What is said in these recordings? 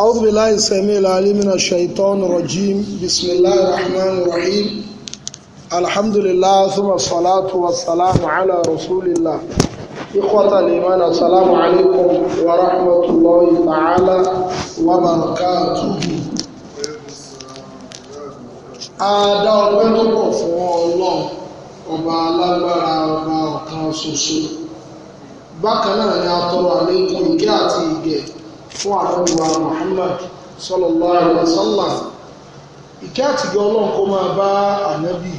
أعوذ بالله السميع العليم من الشيطان الرجيم بسم الله الرحمن الرحيم الحمد لله ثم الصلاة والسلام على رسول الله إخوة الإيمان السلام عليكم ورحمة الله تعالى وبركاته Adá ọpẹ́ tó pọ̀ fún Ọlọ́run ọba alágbára ọba ọ̀kan ṣoṣo. Bákan náà fún àrẹ́dùwà Muhammad sallallahu alaihi wasallam ìkẹ́ àtìgẹ́ ọlọ́run kó máa bá ànábì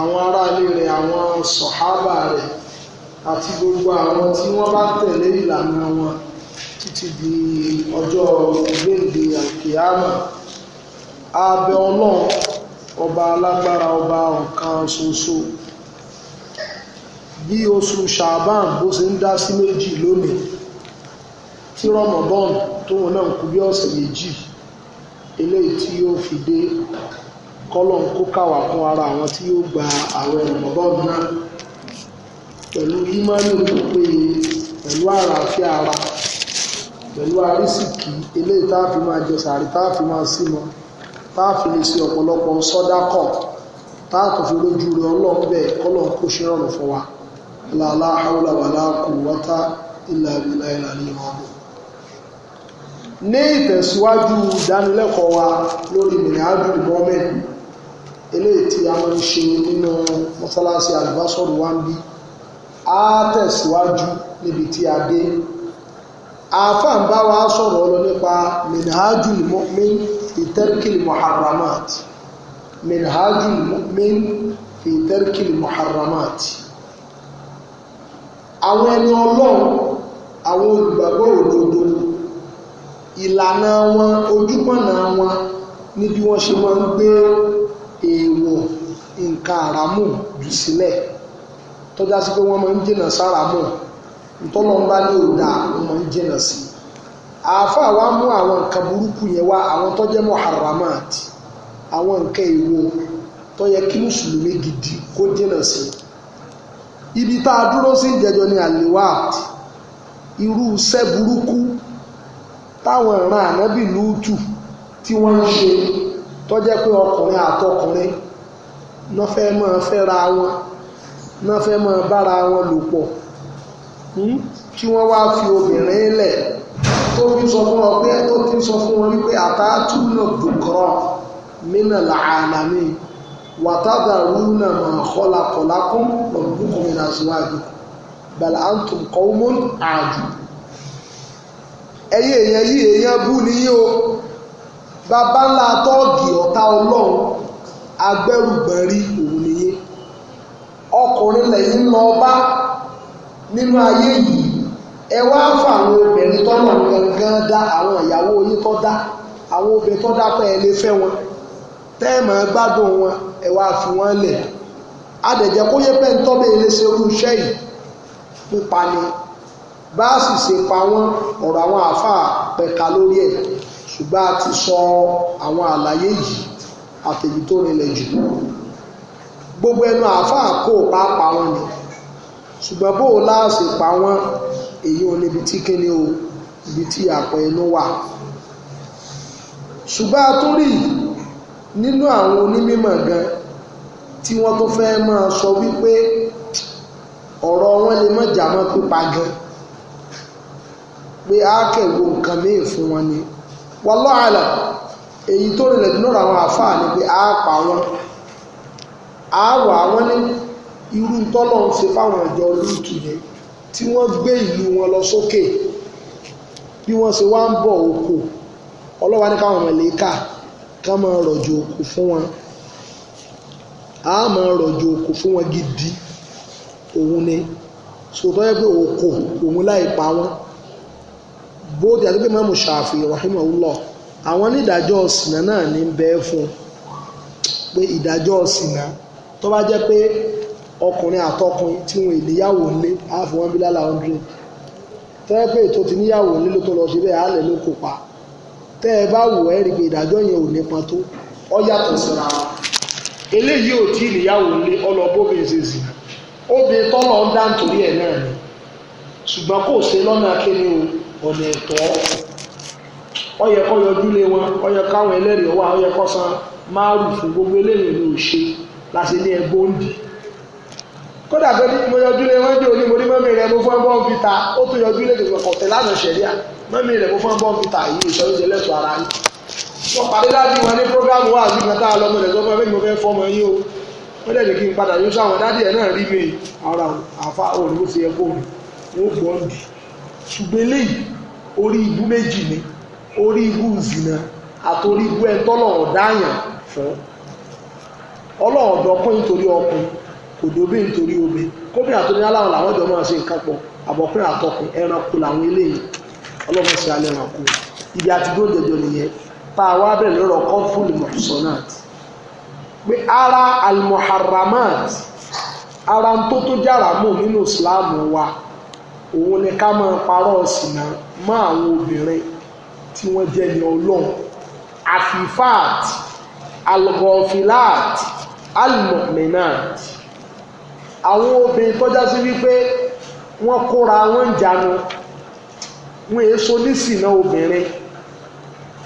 àwọn aráalé rẹ̀ àwọn sọ̀hábà rẹ̀ àti gbogbo àwọn tí wọ́n bá tẹ̀lé ìlànà wọn títí di ọjọ́ ìgbéǹde àkìyámà abẹ ọlọ́run ọba alágbára ọba ọ̀kan ṣoṣo bí oṣù ṣàbán bó ṣe ń dá sí méjì lónìí tí rọmọbọ́n tóun náà kú bí ọ̀sẹ̀ méjì eléyìí tí yóò fi dé kọ́lọ̀ ń kó káwà kún ara àwọn tí yóò gba àwẹ̀ rọmọbọ́n náà pẹ̀lú yímọ́nì tó péye pẹ̀lú àràáfíà ara pẹ̀lú arísìkì eléyìí tá a fi máa jẹ sàárì tá a fi máa sí mọ́ tá a fi lè ṣe ọ̀pọ̀lọpọ̀ sọ́dákọ̀ tá a tó fi lójú rẹ ọlọ́run bẹ́ẹ̀ kọ́lọ̀ ń ṣe rọrùn fún wa làlá haúlà wàlá kù wọ́tá ilà ìlà ìlà ní ìwọ̀n ní ìtẹ̀síwájú ìdánilẹ́kọ̀ọ́ wa lórí mìíràdù ìbọ́mẹ́lì eléyìí tí a máa ń ṣe nínú mọ́sálásí àlùbásọ̀rọ̀ wa ń bí a tẹ̀síwájú níbi tí a dé àáfà ń bá wa sọ̀rọ̀ lọ nípa mìíràdù ìmọ̀mí ìtẹ́rìkìlì muharramat mìíràdù ìmọ̀mí ìtẹ́rìkìlì muharramat àwọn ẹni ọlọ́run àwọn olùgbàgbọ́ òdodo ìlànà wọn ojúpọ̀nà wọn ní bí wọ́n ṣe máa ń gbé èèwọ̀ nǹkan àràmù jù sílẹ̀ tó já sí pé wọ́n máa ń jìnà sáràmù ìtọ́lọ́ ń bá ní òdà wọ́n máa ń jìnà sí àáfàá wa mú àwọn nǹkan burúkú yẹn wá àwọn tó jẹ́ muharramat àwọn nǹkan èèwọ̀ tó yẹ kí mùsùlùmí gidi kó jìnà sí ibi tá a dúró sí ìjẹjọ ní àlewà irú iṣẹ́ burúkú táwọn ìran ànábì lúùtù tí wọ́n ń ṣe tó jẹ́ pé ọkùnrin àtọkùnrin náà fẹ́ máa fẹ́ra wọn náà fẹ́ máa bára wọn lò pọ̀ tí hmm, wọ́n wá fi obìnrin lẹ̀ tó fi sọ fún ọ pé tó fi sọ fún wọn wípé àtàtù náà dùkọ́rọ̀ mínà làánà mi wàtàdà rúnà máa kọ́lá kọ̀lákùn lọ́dún kọ́mìnà síwájú bàlá àǹtùm kọ́wọ́mọ́n àjù ẹ̀yin èèyàn yìí èèyàn bú ni yín o bàbá ńlá tọ́ọ̀gì ọ̀tá ọlọ́run agbẹ́rùgbẹ̀rí òun ni yín ọkùnrin lẹ́yìn lọ bá nínú ayé yìí ẹ wá fáwọn obìnrin tọ́nà gangan dá àwọn ìyàwó yín tó dá àwọn obìnrin tó dá pẹ́ ẹ lè fẹ́ wọn tẹ́ẹ̀mọ̀ gbádùn wọn ẹ wá fi wọ́n lẹ̀ adẹ̀jẹ̀ kó yẹ pé ń tọ́bẹ̀ ilé ṣerú iṣẹ́ yìí pípa ni bá a sì ṣe pa wọ́n ọ̀rọ̀ àwọn àáfàá pẹ̀ka lórí ẹ̀ ṣùgbọ́n a ti sọ àwọn àlàyé yìí àtẹ̀yí tó rinlẹ̀ jù gbogbo ẹnu àáfàá kó pàápàá wọn ni ṣùgbọ́n bó o láàṣì pa wọ́n èyí ò níbi tí kíni o ibi tí àpọ̀ ẹnu wà ṣùgbọ́n a tún rí nínú àwọn onímọ̀ gan tí wọ́n tó fẹ́ máa sọ wípé ọ̀rọ̀ wọn lè mọ̀jà mọ́ pípa gan pé a kẹ̀wò nǹkan míì fún wọn ni wallahu alam èyí tó rìnlẹ̀ dùn lọ́rọ̀ àwọn àfáà ni pé a pa wọn a wà wọn ní irú tọ́lọ̀ ń ṣe fáwọn ìjọ lúùtù yẹn tí wọ́n gbé ìlú wọn lọ sókè bí wọ́n ṣe wá ń bọ̀ oko ọlọ́wà ní káwọn mọ̀lẹ́kà ká máa rọ̀jò òkú fún wọn a máa rọ̀jò òkú fún wọn gidi òun ni sòtọ́ yẹ pé òkò òun láì pa wọ́n bó ti àti pé ṣàfihàn ṣàfi rahimahullah àwọn onídàájọ́ ọ̀sìnà náà ní ń bẹ́ẹ̀ fún pé ìdájọ́ ọ̀sìnà tó bá jẹ́ pé ọkùnrin àtọkùnrin tí wọn ìníyàwó nílé á wọn hundred pé ètò ti níyàwó tó lọ ló kó pa ẹ bá rí pé yẹn ò nípa tó ọ síra eléyìí ò tí obìnrin nítorí ẹ̀ náà ni ṣùgbọ́n kò ṣe lọ́nà ọ̀nà ẹ̀tọ́ ọyẹ kọ́ yọjú lé wọn ọyẹ káwọn ẹlẹ́rìí wà ọyẹ kọ́ san márùn fún gbogbo eléyìí ló ṣe láti ní ẹgbó ń dì kódà pé mo yọjú lé wọn jẹ́ onímọ̀ ní mọ́mí rẹ̀ mo fún ẹbọ́n fi ta ó tún yọjú lé kìkì ọ̀kọ̀ tẹ̀ lánàá ṣẹ̀ríà mọ́mí rẹ̀ mo fún ẹbọ́n fi ta yìí ìṣọ́ oúnjẹ lẹ́tọ̀ ara yìí wọ́n pàdé dájú wọn ní prógrámù wà sí kan tá a lọ́mọ rẹ̀ sọ fún mo fẹ́ fọmọ mi ara àfa òòrùn ó ti orí ibú méjì ni orí ibú zìnà àtòrí ibú ẹ̀tọ́ lọ́wọ́ dáyàn fún ọlọ́ọ̀dọ́ kún nítorí ọkùn kò dóbi nítorí obe kóbìnrin àtòrí aláwọ̀ làwọn jọ máa ṣe nǹkan pọ̀ àbọ̀kùnrin àtọkùn ẹranko làwọn eléyìí ọlọ́run ṣe alẹ́ ẹranko ibi àti dóńdẹ̀jọ nìyẹn tá a wá bẹ̀rẹ̀ lọ́rọ̀ kọ́fúlì mọ̀sánát pé ara almuharramat ara tó tó jára mọ́ nínú ìsìláàmù wa òun ni ká máa parọ́ ṣìnà mọ́ àwọn obìnrin tí wọ́n jẹ́ ní ọlọ́run afifat algofilat almominat àwọn obìnrin tọ́já sí wípé wọ́n kóra wọn ń jánu wọn èso nísìnà obìnrin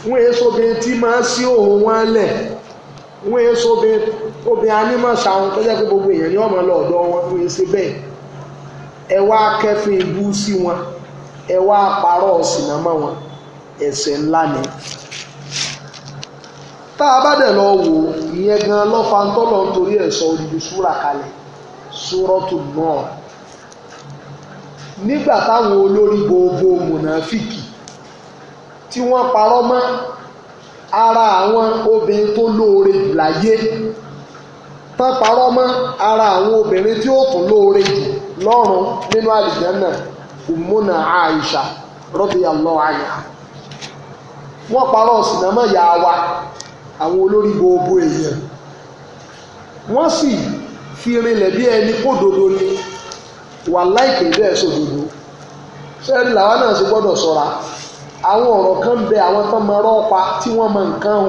wọn èso obìnrin tí máa ń sí òun wọn lẹ̀ wọn èso obìnrin anímọ̀ṣà wọn tọ́já pé gbogbo èèyàn ní ọmọ lọ́ọ̀dọ́ wọn wọn èso bẹ́ẹ̀ ẹ wá kẹfìn ibú sí wọn ẹ wá parọ́ ọ̀sìnà mọ́ wọn ẹ̀ṣẹ̀ ńlá ni. tá a bá dẹ̀ lọ wò ìyẹn gan lọ́fà ń tọ́lọ̀ nítorí ẹ̀sọ́ odidi súra kalẹ̀ súrọ́tù náà nígbà táwọn olórí gbogbo mùnàfíkì tí wọ́n parọ́ mọ́ ara àwọn obìnrin tó lóore jù láyé tán parọ́ mọ́ ara àwọn obìnrin tí ó tún lóore jù lọ́rùn nínú àlìjẹ́nà Ummuna Aisha radiyallahu anha wọ́n parọ́ sinamọ́ ya wa àwọn olórí gbogbo èèyàn wọ́n sì fi rinlẹ̀ bí ẹni kó dodo ni wà láìpẹ́ bẹ́ẹ̀ làwọn náà sì gbọ́dọ̀ àwọn ọ̀rọ̀ kan bẹ àwọn tán tí wọ́n mọ nǹkan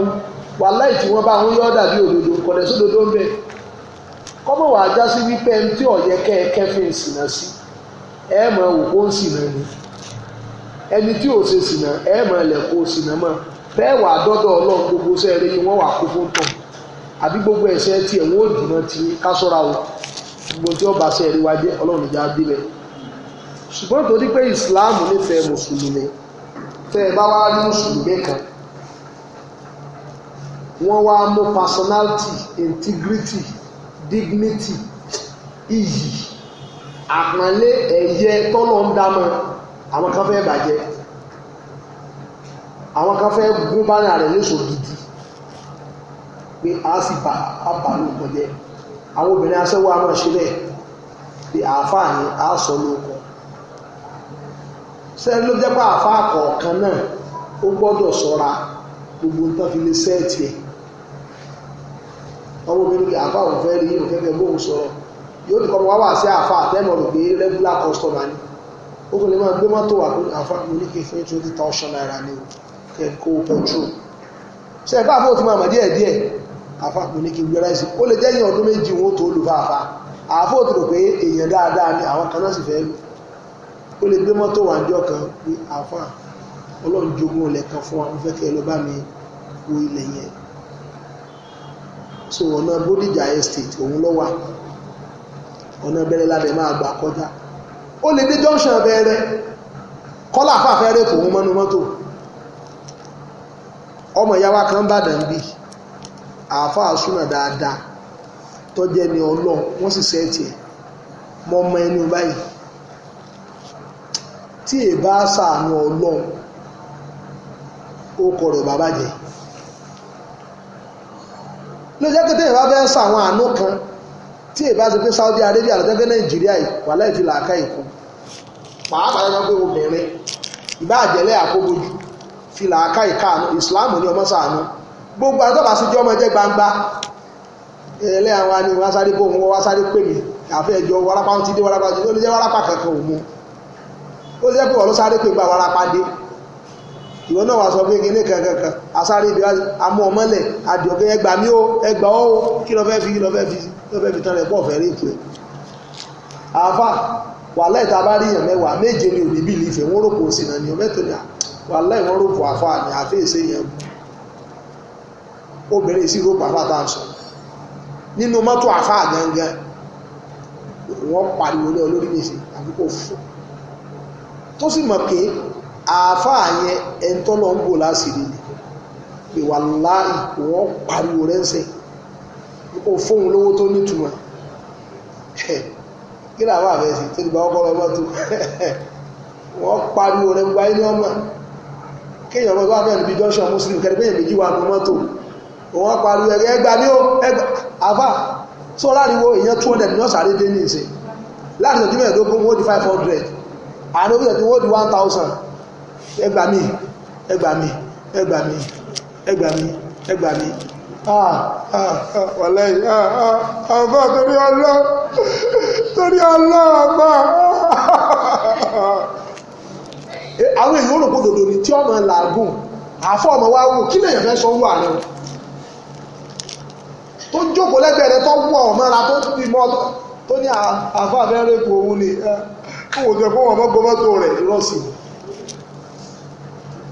wà láì tí wọ́n bá dàbí òdodo kọ́mọ̀ wàá já sí wípé ẹni tí ọ̀yẹ́ kẹ́ ẹ kẹ́fìn sìnà sí ẹ mọ̀ wò kó ń sìnà ni ẹni tí ò ṣe sìnà ẹ mọ̀ ẹlẹ̀ kó sìnà mọ̀ bẹ́ẹ̀ wàá dọ́dọ̀ ọlọ́run gbogbo sẹ́ẹ̀rẹ́ yìí wọ́n wà kó fún tọ̀ àbí gbogbo ẹ̀ṣẹ̀ tí ẹ̀ wọ́n ò dùnà tí kásọ́ra o gbogbo tí ọba sẹ́ẹ̀rẹ́ wájẹ́ ọlọ́run ìjà débẹ̀ ṣùgbọ́n torí pé ìsìláàmù nífẹ̀ẹ́ mùsùlùmí tẹ́ ẹ bá wá rí mùsùlùmí kan wọ́n wá mú personality integrity dignity iyì àpọ́nlé ẹ̀yẹ tọ́lọ̀ ń dámọ́ àwọn kan fẹ́ bàjẹ́ àwọn kan fẹ́ gún bára rẹ̀ léṣo gidi pé a sì bà á bà ló kọjẹ́ àwọn obìnrin aṣẹ́wó a máa ṣe bẹ́ẹ̀ pé àáfàá ni a sọ lóko sẹ́ni ló jẹ́ pé àáfàá kọ̀ọ̀kan náà ó gbọ́dọ̀ ṣọ́ra gbogbo nǹkan fi lè sẹ́ẹ̀tì ẹ̀ ọmọ mi ní àfa òun fẹ́ rí yìí kẹ́kẹ́ bóun sọ̀rọ̀ yóò ní kọ́mọ wá wà sí àfa àtẹ́nà rò pé regular customer ni ó kò lè máa gbé mọ́tò wà pé àfa mi ní kí n fún twenty thousand naira ni o kẹ́ kó petrol ṣe ẹ̀fà àfọ̀ tí máa mọ̀ díẹ̀ díẹ̀ àfa mi ní kí n gbé ráìsì ó lè jẹ́yìn ọdún méjì wọn ó tó lù fáfá àfọ̀ tó rò pé èèyàn dáadáa ni àwọn kan náà sì fẹ́ lù ó lè gbé mọ́tò wà jọ kan pé àfa ọlọ́run jogún ilẹ̀ kan fún wa mo fẹ́ kẹ́ lọ bá mi wo ilẹ̀ yẹn so ọ̀nà Bódìjà estate òun ló wà ọ̀nà bẹ̀rẹ̀ ládẹ̀ máa gbà kọjá ó lè dé junction bẹ̀rẹ̀ kọ́lá fàfẹ́rẹ́ kò wọ́n mọ́nu mọ́tò ọmọ ìyá wa kan bàdàn bí àáfàá súnà dáadáa tọ́jẹ́ ni ọlọ́ wọ́n sì sẹ́ẹ̀tì ẹ̀ mọ́ ọmọ ẹni báyìí tí èbá sàánú ọlọ́run ó kọ̀rọ̀ bàbá jẹ́ ló jẹ́ pé téèyàn bá fẹ́ sọ àwọn àánú kan tí èyí bá ṣe pé Saudi Arabia lọ́jọ́ pé Nàìjíríà wà láì fi làákà ìkún pàápàá lọ́jọ́ pé obìnrin ìbá àjẹlẹ̀ àkóbojú fi làákà ìkáàánú ìsìláàmù ní ọmọ sàánú gbogbo àtọ́bà sí jẹ́ ọmọ jẹ́ gbangba ẹlẹ́ àwọn ni wọ́n sáré bó wọn wá sáré pè mí àfẹ́ ìjọ warapa ti dé warapa ti dé ó lè jẹ́ warapa kankan òun ó lè jẹ́ pé wọ́n ló sáré pè gba warapa dé ìwọ náà wà sọ pé kíní kankankan asáré ibi amú ọmọlẹ̀ adìọ̀gẹ́ ẹgbà mí ó ẹgbà ó kí lọ fẹ́ fi lọ fẹ́ fi lọ fẹ́ fi tán rẹ̀ pọ̀ fẹ́ rí ìpè àáfà wàláì tá a bá ni òní bí ìlífẹ̀ wọ́n rògbò sí náà ni ọmẹ́tò ni wàláì wọ́n rògbò àfà ni àfẹ́ èsè yẹn obìnrin fún tó sì mọ̀ pé àáfàá yẹn ẹni tọ́lọ́ ń bò láṣìírí ni ìwà láì wọ́n pariwo rẹ̀ ń sẹ́ o fóun lówó tó nítumọ̀ kí làwọn àbẹ̀sẹ̀ tó ti gba ọkọ lọ mọ́tò wọ́n pariwo rẹ̀ gba ilé ọmọ kéèyàn ọmọ ìgbà níbi junction muslim kẹ́ni pé èmi jíwa nu mọ́tò wọ́n pariwo ẹ̀rẹ́ ẹgbà ní o ẹgbà àfà tó láriwo èèyàn two hundred ní ọ̀sàrè dé ní ìsìn láti ọdún mẹ́ẹ̀ẹ́dógún wọ́n di five hundred àárín orílẹ̀-èdè wọ́n di one thousand ẹgbà mi ẹgbà mi ẹgbà mi ẹgbà mi ẹgbà mi ah, ah, ah, wàlẹ́ yìí àbá torí ọlọ́ torí ọlọ́ àbá àwọn èèyàn rò gbódòdó ni tí ọmọ làágùn àfọ ọmọ wa wò kí lèèyàn fẹ́ sọ wọ àárín tó jókòó lẹ́gbẹ̀ẹ́ rẹ tó wọ ọmọ ara tó ti mọ tó ní àfọ àfẹ́rẹ́ kò òun ni kó wò ó jẹ fún ọmọ gbọmọtò rẹ ìrọsìn.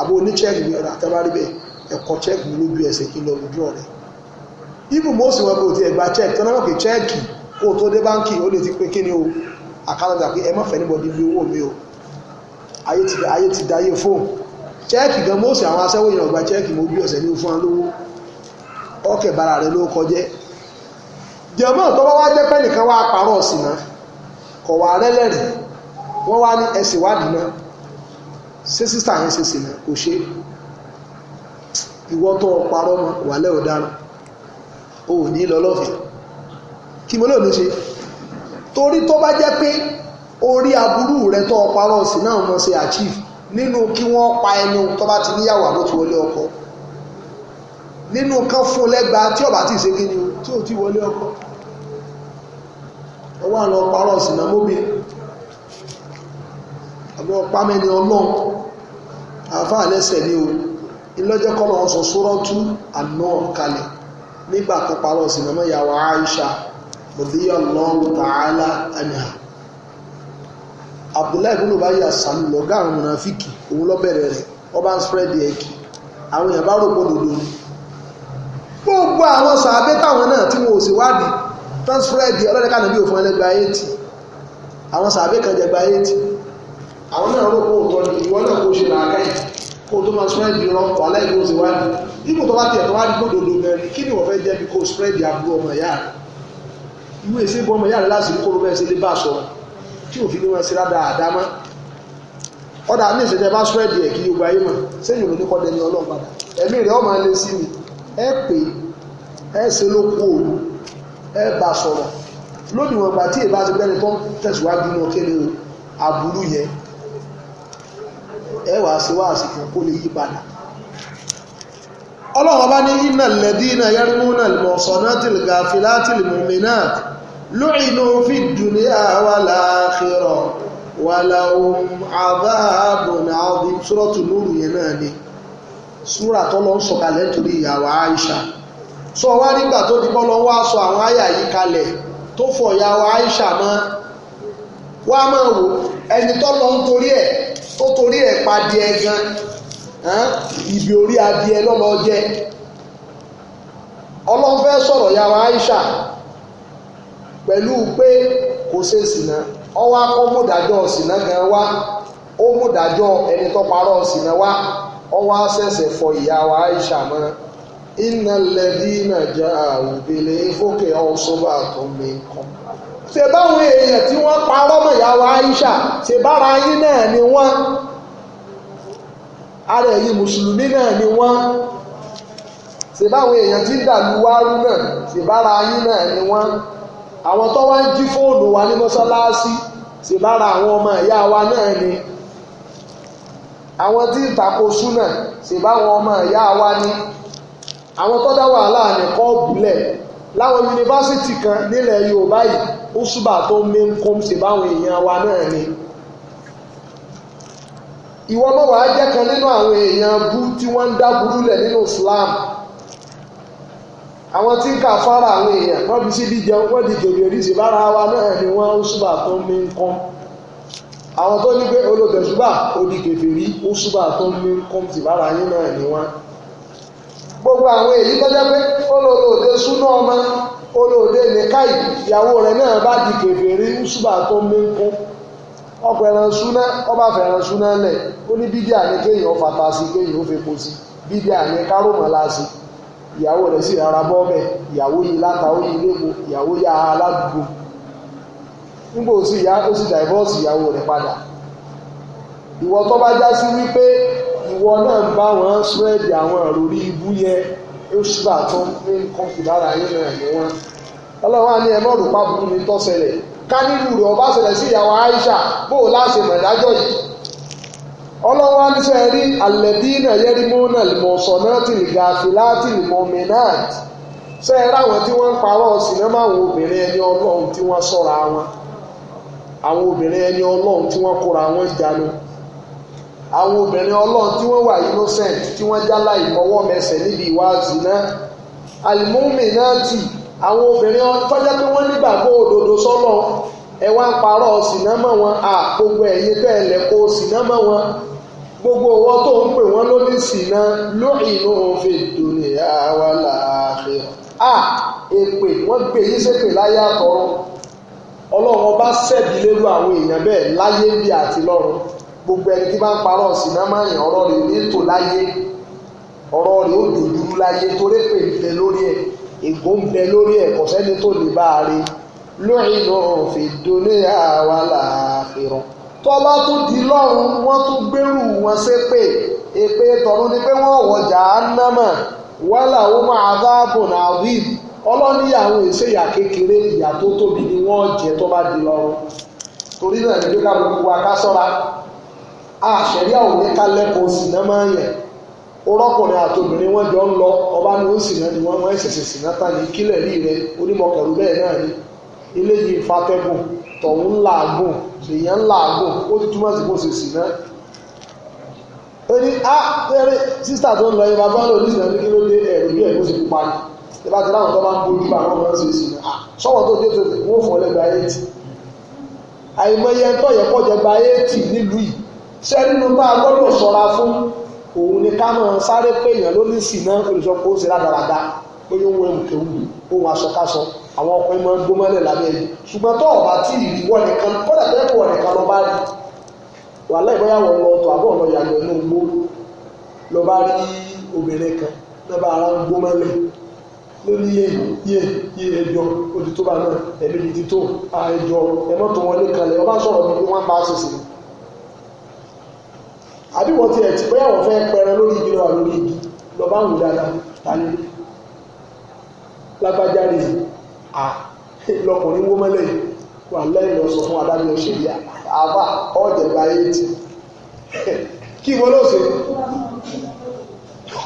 àbó oní chẹ́ẹ̀kì mi ọ̀rọ̀ àtẹ́wárí bẹ́ẹ̀ ẹ̀kọ́ chẹ́ẹ̀kì mi lójú ẹsẹ̀ kí n lọ lójú ọ̀rẹ́ ibù mọ́sí wọn pé o ti ẹ̀gbà chẹ́ẹ̀kì tó náà pé chẹ́ẹ̀kì kó o tó dé báńkì ó lè ti pé kí ni o àkàlọ́dà pé ẹ má fẹ́ níbọ̀ níbi owó o ayé ti ayé ti gan àwọn aṣẹ́wó yẹn mo bí ọ̀sẹ̀ ní fún wọn lówó bara ló kọjẹ́ jẹ̀mọ́ tó bá wá jẹ́ pẹ́ nìkan wá parọ́ ọ̀sìn náà ṣé sísà yẹn ṣe sìnà kò ṣe ìwọ tó parọ́ mọ́ wàlẹ́ ọ̀daràn o ò ní lọ lọ́fẹ̀ẹ́ kí mo lóòní ṣe torí tó bá jẹ́ pé orí aburú rẹ tó parọ́ sí náà mo ṣe achieve nínú kí wọ́n pa ẹnu tó bá ti níyàwó àbó wọlé ọkọ nínú kan fún lẹ́gba tí ọba ti ṣe kíni tí ò ti wọlé ọkọ ọwọ́ àlọ́ parọ́ sí náà mọ́bìnrin àbọ̀ pàmẹ́ni ọlọ́run àáfàá lẹ́sẹ̀ ní o ìlọ́jẹ́ kọ́ lọ́wọ́ sọ sórọ́tú àná kalẹ̀ nígbà tó parọ́ sí mọ́mọ́ ìyàwó Aisha radiyallahu ta'ala anha Abdullahi ibn Ubay As-Salul lọ́gá àwọn mùnàfíkì òun ló bẹ̀rẹ̀ rẹ̀ ọba ń spread the egg àwọn èèyàn bá rò pọ̀ dòdò ni gbogbo àwọn sàábé táwọn náà tí wọn ò sì wádìí transfer the ọlọ́dẹ̀ká nàbí òfin ẹlẹgbẹ́ ayé ti àwọn sàábé kan jẹgbẹ́ ayé àwọn náà rò kó òótọ́ ni ìwọ náà kó ṣe làákẹ́ kó tó máa spread bí rán wà láì ló ti wá ní ipò tó bá tiẹ̀ tó wá ní gbódòdó gan ni kí ni wọ́n fẹ́ jẹ́ bí kó spread àbúrò ọmọ ìyá rẹ̀ ìwé ìsìnkú ọmọ ìyá rẹ̀ láti kó ló bẹ́ẹ̀ ṣe lé bá sọ̀rọ̀ tí òfin ni wọ́n ṣe ládàá àdámá ọ̀dà ní ìṣẹ̀jẹ̀ bá spread ẹ̀ kí gbogbo ayé mọ̀ yẹn ẹ wàá ṣe wá àsìkò kó lè yí padà ọlọ́run ọba ní iná lẹ́dínà yẹ́rìmúnà mọ̀sánátìlì gàfilátìlì mọ̀mìnáàtì lóìnú fi dùnìyà wà láàkírọ̀ wà láhùn àbáàbùn àbí súrọ́tù lóru yẹn náà ni súrà tọ́lọ́ ń sọ̀kalẹ̀ torí ìyàwó Àìṣà sọ tó fọ̀ ìyàwó Àìṣà mọ́ wá máa ẹni tọ́lọ́ ń torí ẹ̀ tó torí ẹ̀ padìẹ gan ibi orí adìẹ lọ́lọ́ jẹ ọlọ́fẹ́ sọ̀rọ̀ yawa Aisha pẹ̀lú pé kò ṣe sìnà ọwọ́ akọ́ mọ̀dájọ́ sìnà gan wa ó mọ̀dájọ́ ẹni tó parọ́ sìnà wa ọwọ́ fọ ìyá wa Aisha mọ́ iná lẹ́dí nàìjíríà òbílẹ̀ fókè ọ̀ṣọ́bà tó mi ṣe báwọn èèyàn tí wọ́n parọ́ mọ́ ìyàwó Aisha ṣe bára yín náà ni wọ́n ara èyí mùsùlùmí náà ni wọ́n ṣe báwọn èèyàn tí ń dàlú wárú náà ṣe bára yín náà ni wọ́n àwọn tó wá ń jí fóònù wa ní mọ́sálásí ṣe bára àwọn ọmọ ìyá wa náà ni àwọn tí ń tako súnà ṣe báwọn ọmọ ìyá wa ni àwọn tó dá wàhálà ní kọ́ọ̀bù lẹ̀ láwọn yunifásitì kan nílẹ̀ Yorùbá yìí òṣùbà tó mé ń kó ṣe báwọn èèyàn wa náà ni ìwọ náà wàá jẹ́ kan nínú àwọn èèyàn bú tí wọ́n ń dá burúlẹ̀ nínú Islam àwọn tí ń kà fara àwọn èèyàn wọ́n fi síbi jẹun wọ́n di jòdì oríṣi bára wa náà ni wọ́n òṣùbà tó mé ń kọ́ àwọn tó ní pé olóòtẹ̀ṣùbà odi kèfèrí òṣùbà tó mé ń kọ́ ti bára yín náà ni wọ́n gbogbo àwọn èyí tó pé ó lọ lòdì olóòde nìkáì ìyàwó rẹ̀ náà bá di kèfèrí ṣùgbà tó ń mínkú ọkọ̀ ẹran súná ọba fẹ̀ràn súná lẹ̀ ó ní bídíà kéèyàn fata sí kéèyàn ó fepo sí bídíà ní kárùmọ̀lá sí ìyàwó rẹ̀ sì rárá bọ́ bẹ́ẹ̀ ìyàwó yìí láta ó yí lépo ìyàwó yá aládùúgbò nígbà ó sì ó sì dàìbọ́ọ̀sì oṣùbà tó ní nǹkan fìdára yín náà ni wọ́n ọlọ́run á ní ẹmọ́ rò pa burú ni tó ṣẹlẹ̀ ká nílùú rẹ̀ ọba ṣẹlẹ̀ sí ìyàwó Aisha bó o láṣẹ mọ̀ ìdájọ́ yìí ọlọ́run á ní sẹ́ rí alẹ́dínà yẹ́rìmọ́nà lìmọ̀sọ̀nàtì lìgàfìlátì lìmọ̀mìnáàtì sẹ́ ráwọn tí wọ́n ń parọ́ sinimá àwọn obìnrin ẹni ọlọ́run tí wọ́n sọ̀ra wọn àwọn obìnrin ẹni ọlọ́run tí wọ́n kóra wọn jánu àwọn obìnrin ọlọ́run tí wọ́n wà innocent tí wọ́n jálá ìfọwọ́ mẹsẹ̀ níbi ìwà àzìná àlìmọ́mì náà tì àwọn obìnrin tọ́já pé wọ́n nígbàgbọ́ òdodo sọ́lọ́ ẹ wá ń parọ́ sínámọ́ wọn à gbogbo ẹ̀yin tẹ́ ẹ lẹ́kọ́ sínámọ́ wọn gbogbo owó tó ń pè wọ́n ló ní síná lóyìn ló ń fi dùnì àwa làáfíà à èpè wọ́n gbé yín ṣépè láyé àtọ̀run ọlọ́run ọba ṣẹ̀bi lérú àwọn èèyàn bẹ́ẹ̀ láyé bí àti gbogbo ẹni tí bá ń parọ́ ọ̀sìnà máa yàn ọ̀rọ̀ rẹ̀ ní ètò láyé ọ̀rọ̀ rẹ̀ ó dòdúrú láyé torí pé ń bẹ lórí ẹ̀ ègò ń bẹ lórí ẹ̀ kò sẹ́ni tó lè bá a rí lórí inú òfin dóní àwa làáfẹ́ràn tọ́lá tó di lọ́run wọ́n tún gbẹ́rù wọn ṣépè èpè tọ̀run ni pé wọ́n wọ̀ jàánámà wàhálà ó máa dáàbò náà rí ọlọ́ni àwọn ìyà kékeré ìyà tó tóbi ni wọ́n jẹ tó bá di lọ́run torí náà ní pé ká gbogbo wa àṣẹrí àwọn oníkà lẹ́kọ̀ọ́ sìnà máa ń yẹ̀ orọ́kùnrin àtòbìnrin wọn jọ ń lọ ọba ni ó sìnà ni wọ́n máa ń ṣẹ̀ṣẹ̀ sìnà tán ní kílẹ̀ rí rẹ onímọ̀kẹ̀rù bẹ́ẹ̀ náà ni eléyìí ìfatẹ́gùn tọ̀hún làágùn èèyàn làágùn ó ti túmọ̀ sí kó ṣe sìnà ẹni á ẹni sísà tó ń lọ ìbá bá lò ní ìsìnà kí ló dé ẹ̀rù bí ẹ̀rù sì pupa ni ìbá ti láwọn tó bá ń bójú bá àwọn ọmọ ṣe ìsìnà à sọ́wọ́ tó dé tètè wọ́n fọ́ lẹ́gbàá 80 àìmọye ẹ̀tọ́ yẹ kọ́ jẹ gba 80 nílùú yìí ṣé nínú tá a gbọ́dọ̀ ṣọ́ra fún òun ni ká máa sáré pé èèyàn ló ní sì náà olùsọ pé ó ṣe rádaràda pé yóò wọ ẹ̀wù kẹ̀wù ohun aṣọkáṣọ àwọn ọkùnrin máa ń gbó mọ́lẹ̀ lábẹ́ ẹ̀yìn ṣùgbọ́n tó ọ̀bá tí ìwọ nìkan kọ́dà tó yẹ kó wọ nìkan lọ bá rí wà láìpẹ́ yàwọ̀ lọ tó àbọ̀ lọ yàgbẹ́ inú gbó lọ bá rí obìnrin kan lọ́ba ara ń gbó mọ́lẹ̀ lórí yé yé yé ẹjọ́ odi tó bá náà ẹ̀mí ti tó ẹjọ́ ẹ̀mọ́tò wọlé kan lẹ̀ ọba sọ̀rọ̀ bí wọ́n bá ṣèṣe àbí wọ́n ti ẹ̀tì bóyá wọ́n fẹ́ pẹran lórí igi lọ́wọ́ lórí igi lọ bá wù dáadáa tani lágbájá rè à lọkùnrin wó mọ́lẹ̀ wà lẹ́yìn lọ sọ fún adájọ́ ṣẹlẹ̀ àbá ọ̀jẹ̀ gba eighty kí wọ́n lọ sí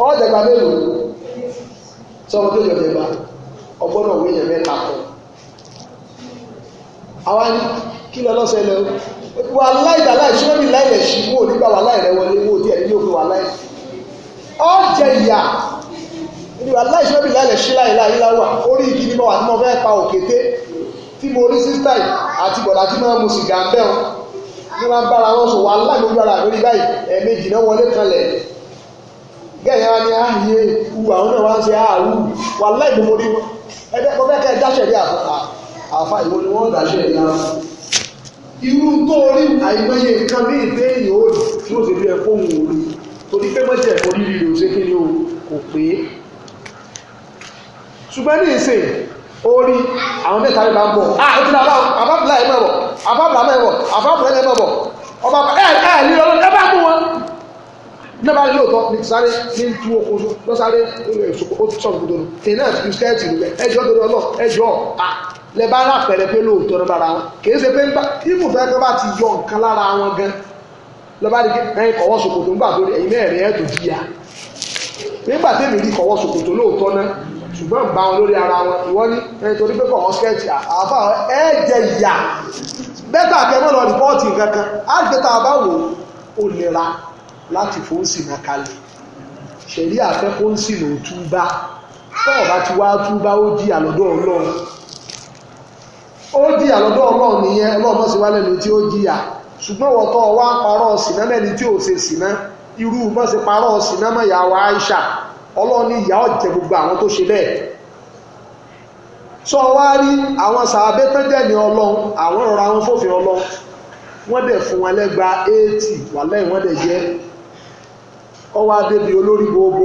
ọ̀jẹ̀ gba mélòó sọ́wọ́n tó yọ̀jẹ̀ gba ọgbọ́n náà wéyẹ̀ mẹ́ta kọ́ àwa kí lọ lọ́sẹ̀ lẹ́wọ́ wà láì dàlá ìṣúná láì rẹ̀ ṣì wò nígbà wà láì rẹ̀ wọlé wò díẹ̀ ní òfin wà láì ọ jẹ ìyà nígbà láì ìṣúná láì rẹ̀ ṣí láì láì láwà orí igi ni mo wà tí mo fẹ́ pa òkété tí mo rí sísítà àti bọ̀dà tí máa mu sìgá ń bẹ́ẹ̀ ní wọ́n bára wọn sọ wà láì gbogbo ara lórí báyìí ẹ̀ẹ̀mejì náà wọlé kanlẹ̀ gẹ́gẹ́ wa ni ààyè wu àwọn náà wá ń ṣe ààrù wà láì gbogbo ní wọn ẹgbẹ́ kọ́fẹ́ kẹ́ dáṣẹ̀ bí àfa irú tó rí àìmọye nǹkan ní ìdé èyàn ó rí tí ó sì fi ẹ̀kọ́ òun ò rí torí pé mọ́jẹ̀ ẹ̀kọ́ rírì rẹ̀ ò ṣe kéde o kò pé ṣùgbọ́n ní ìsìn orí àwọn mẹ́ta rẹ̀ bá ń bọ̀ ah ìtura àbábùlá ẹ̀ mẹ́wọ̀ àbábùlá mẹ́wọ̀ àbábùlá ẹ̀ mẹ́wọ̀ ọba ẹ̀ ẹ̀ ní ọlọ́run ẹ bá mú wọn ní bá lè lóòótọ́ ní sáré ní tú oko lọ́sáré ó sọ̀rọ̀ gbọdọ̀ tẹ̀ náà fi skẹ́ẹ̀tì rẹ̀ ẹjọ́ gbọdọ̀ ọlọ́ ẹjọ́ ah lẹ bá rà pẹ̀rẹ̀ pé lóòótọ́ ló bára wọn kì í ṣe pé ibù fẹ́ tó bá ti yọ nǹkan lára wọn gan lọ́ba rí ẹyin kọ̀wọ́ ṣòkòtò ńgbà tó rí ẹ̀yin mẹ́rin ẹ̀ tó jìyà nígbà tẹ́mi rí kọ̀wọ́ ṣòkòtò lóòótọ́ náà ṣùgbọ́n ń bá wọn lórí ara wọn ìwọ ní ẹni torí pé kọ̀wọ́ skẹ́ẹ̀tì àáfà ẹ jẹ ìyà bẹ́tà kẹ́mọ́ lọ rìpọ́ọ̀tì kankan á gbé tá a bá wò ó nira láti fòósì náà ó di lọ́dọ̀ ọlọ́run nìyẹn ọlọ́run sì wá lẹ́nu tí ó jìyà ṣùgbọ́n wọ́n wá parọ́ sìná mẹ́ni tí ò ṣe sìná irú mọ́ parọ́ mọ́ ìyá wa Aisha ọlọ́run ní ìyà ọ̀jẹ̀ gbogbo àwọn tó ṣe bẹ́ẹ̀ sọ wá rí àwọn sàábé tó jẹ́ ní ọlọ́run àwọn rọra wọn fòfin ọlọ́run wọ́n dẹ̀ fún wọn lẹ́gba 80 wàlẹ́ wọ́n dẹ̀ jẹ́ ọwọ́ adébi olórí gbogbo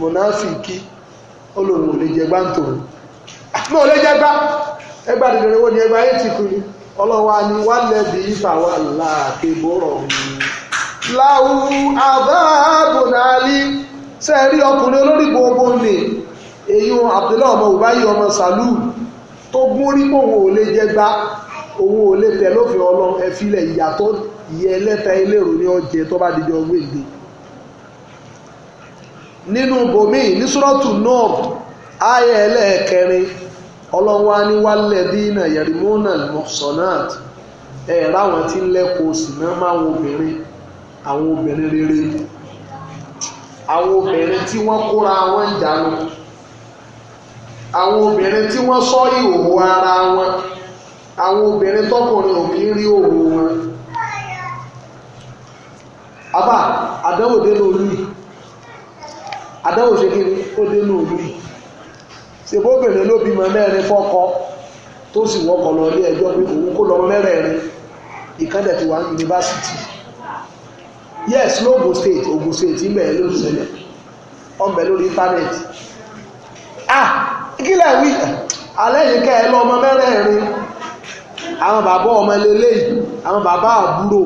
mọ̀náfìkì olóhùn ò lè jẹ gbá ń tòun àmọ́ ò lè jẹ gbá ẹgbà dìdìrín wo ni ẹgbà ayé ti kú ni ọlọ́wà ni wà lẹ́bi ìfà wà láàké bọ́rọ̀ láwù àbáàbùnálí sẹ́ẹ̀rí ọkùnrin olórí gbogbo nì èyí Abdullahi ọmọ Ubayi ọmọ Salu tó gún rí pòun ò lè jẹ gbá òun lófin ọlọ́ ẹ̀fílẹ̀ ìyàtọ̀ ìyẹ́ ẹlẹ́ta ẹlẹ́rù ni tó bá dijọ́ gbèǹde nínú bòmí ní sọ́rọ́tù náà ayé ẹlẹ́ẹ̀kẹrin ọlọ́wọ́ ní wálẹ̀ dínà yẹ̀rìmọ́nà mọ̀sánát ẹ̀ ráwọn tí ń lẹ́kọ̀ọ́ sí náà máwọn obìnrin àwọn obìnrin rere àwọn obìnrin tí wọ́n kóra wọn jánu àwọn obìnrin tí wọ́n sọ ìhòòhò ara wọn àwọn obìnrin tọkùnrin ò kí ń rí òwò wọn. abá àdánwò dé lórí yìí àdáwò ṣe kí ni ó dé ní òru yìí ṣèbóbìnrin ló bímọ mẹ́rin fọ́kọ tó sì wọ́kọ̀ lọ ilé ẹjọ́ pé òun kó lọ mẹ́rẹ̀ẹ̀rin ìkádẹ̀ ti wà yunifásitì yes l'Ogun State Ogun State ibẹ̀ ló ti ṣẹlẹ̀ ọmọ lórí íńtánẹ́ẹ̀tì ah kílẹ̀ wí alẹ́ yìí kẹ́ ẹ lọ ọmọ mẹ́rẹ̀ẹ̀rin àwọn bàbá ọmọ eléyìí àwọn bàbá àbúrò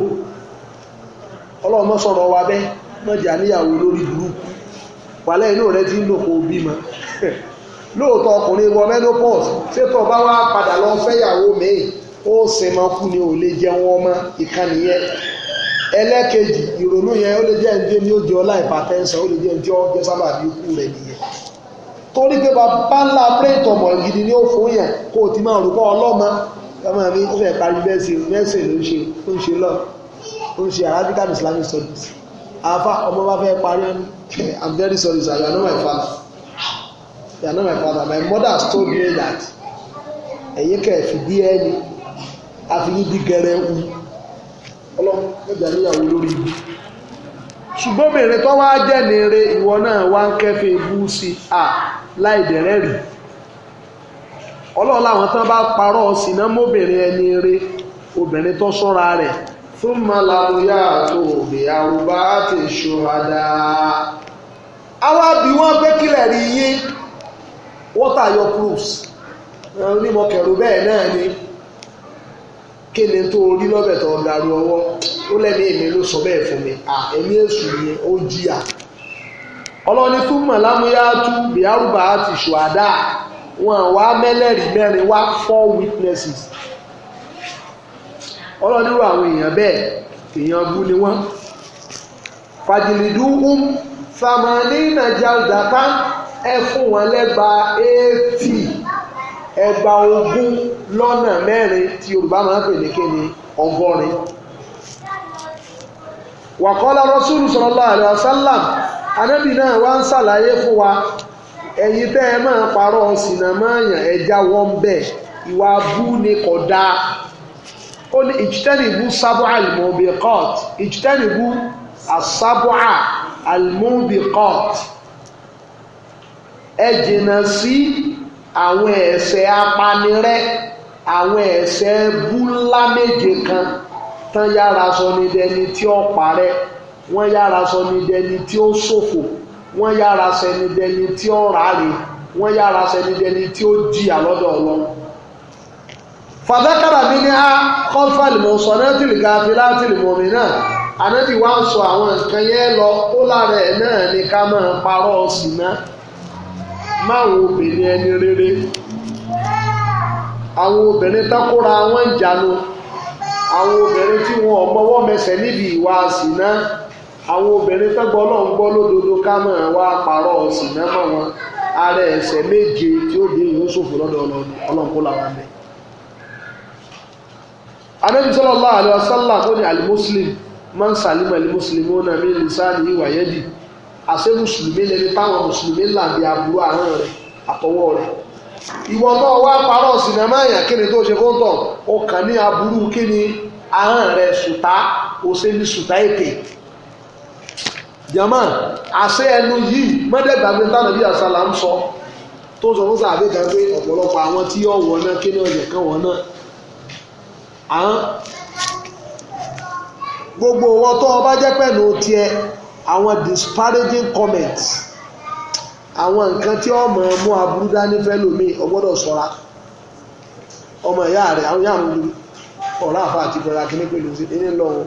ọlọ́mọ sọ̀rọ̀ wa bẹ́ẹ̀ mọ̀jà níyàwó lórí burúkú wàlẹ́ inú rẹ ti ń lò kó o bímọ lóòótọ́ ọkùnrin wọ menopause ṣètò bá wá padà lọ fẹ́yàwó míì ó sèmọ kú ni ò lè jẹun ọmọ ìkànnì yẹn ẹlẹ́kejì ìrònú yẹn ó lè jẹ́ ǹjẹ́ ní ó jẹ́ ọlá hypertension ó lè jẹ́ ǹjẹ́ ọjọ́ sábà bí ikú rẹ̀ nìyẹn torí pé bàbá ńlá brain tọmọ gidi ni ó fún yẹn kó o ti máa rúbọ ọlọ́mọ ọmọ mi ó fẹ́ parí mẹ́sìn mẹ́sìn ló ń ṣe ó ń ṣe lọ ó ń ṣe Arabic and Islamic studies àáfà ọmọ bá I'm very sorry, sir. You are my father. my mother has told that. gẹrẹ wu níyàwó lórí ibi. Ṣùgbọ́n tó jẹ́ nire ìwọ náà wá ń a láì dẹ̀rẹ́ rì. Ọlọ́run làwọn tán bá parọ́ mọ́bìnrin ẹni obìnrin tó sọ́ra thumma lam ya'tu bi arba'ati shuhada àwa bi wọ́n pé what are your proofs onímọ̀kẹ̀rù bẹ́ẹ̀ náà ni kéde tó rí lọ́bẹ̀ tó darí ọwọ́ ó lẹ́nu èmi ló sọ bẹ́ẹ̀ fún mi à ẹ̀mí èṣù ni ó jìyà ọlọ́ni túmọ̀ lámúyátú bíárùbá àti ṣùádá wọn àwa mẹ́lẹ́rìí mẹ́rin wá four witnesses ọlọ́nirú àwọn èèyàn bẹ́ẹ̀ èèyàn bú ni wọ́n fàjìlìdúhùn fàmàlì nàìjíríà ẹ fún wọn lẹ́gba eighty ẹgba ogún lọ́nà mẹ́rin tí Yorùbá máa ń pè ní kéde ọgọ́rin wàkọ́lá rọ́súlù sallallahu alaihi wasallam anábì náà wá ń ṣàlàyé fún wa ẹ̀yin tẹ́ ẹ máa parọ́ sinamá ẹja wọ́n bẹ́ẹ̀ ìwà bú ni kò dáa ó ní ìjítẹ́nìbú sábọ́ àlùmọ́bìkọ́t ìjítẹ́nìbú àsábọ́ àlùmọ́bìkọ́t ẹ jìnnà sí àwọn ẹ̀ṣẹ̀ apanirẹ́ àwọn ẹ̀ṣẹ̀ búlá méje kan tán yára sọ ní dẹni tí ó parẹ́ wọ́n yára sọ ní dẹni tí ó ṣòfò wọ́n yára sọ dẹni tí ó ráre wọ́n yára sọ dẹni tí ó jìyà lọ́dọ̀ ọlọ́run fàdákàrà mi ní a kọ́fàlì mọ̀ sọ náà tìlì káfí láti lè mọ̀ mí náà ànábì wá ń sọ àwọn nǹkan yẹn lọ ó lára ẹ̀ náà ni ká máa parọ́ sí ná máwọn obìnrin ẹni rere àwọn obìnrin tákóra wọn ń jánu àwọn obìnrin tí wọn ò mẹsẹ̀ níbi ìwà sí ná àwọn obìnrin tẹ́gbọ́ náà ń gbọ́ lódodo ká máa wá parọ́ sí ná mọ́ wọn ara ẹ̀ṣẹ̀ méje tí ó bí ìyóṣòfò lọ́dọ̀ ọlọ́run làwọn bẹ́ẹ̀ anabi sallallahu alaihi wasallam ó ní alimuslim man salima alimuslim ó na mi lisani ìwà yẹ́dì àṣẹ mùsùlùmí lẹni táwọn mùsùlùmí là ń bi aburú àárín rẹ̀ àtọwọ́ rẹ̀ ìwọ náà wá parọ́ sinimá èèyàn kí ni tó ṣe kóńtọ̀ ó kàn ní aburú kí ni àárín rẹ̀ sùtá ó ṣe ní sùtá ètè jama àṣẹ ẹnu yìí mọ́dẹ́gbàgbé tánàbí àṣàlà ń sọ tó sọ fún sàbẹ̀ kan ọ̀pọ̀lọpọ̀ àwọn tí ọ̀wọ́ náà kí ni ọ̀yẹ̀ kan wọ̀ náà à ń gbogbo wọn tó ọba jẹ́ pẹ̀lú tiẹ̀ àwọn disparaging comments àwọn nǹkan tí ó mọ̀ mú aburú dání fẹ́ lómi o gbọ́dọ̀ ṣọ́ra ọmọ ìyá rẹ̀ àwọn ìyá àwọn olùrí ọ̀rá àfa àti ìbọ̀rá kìíní pẹ̀lú ilé lọ́wọ́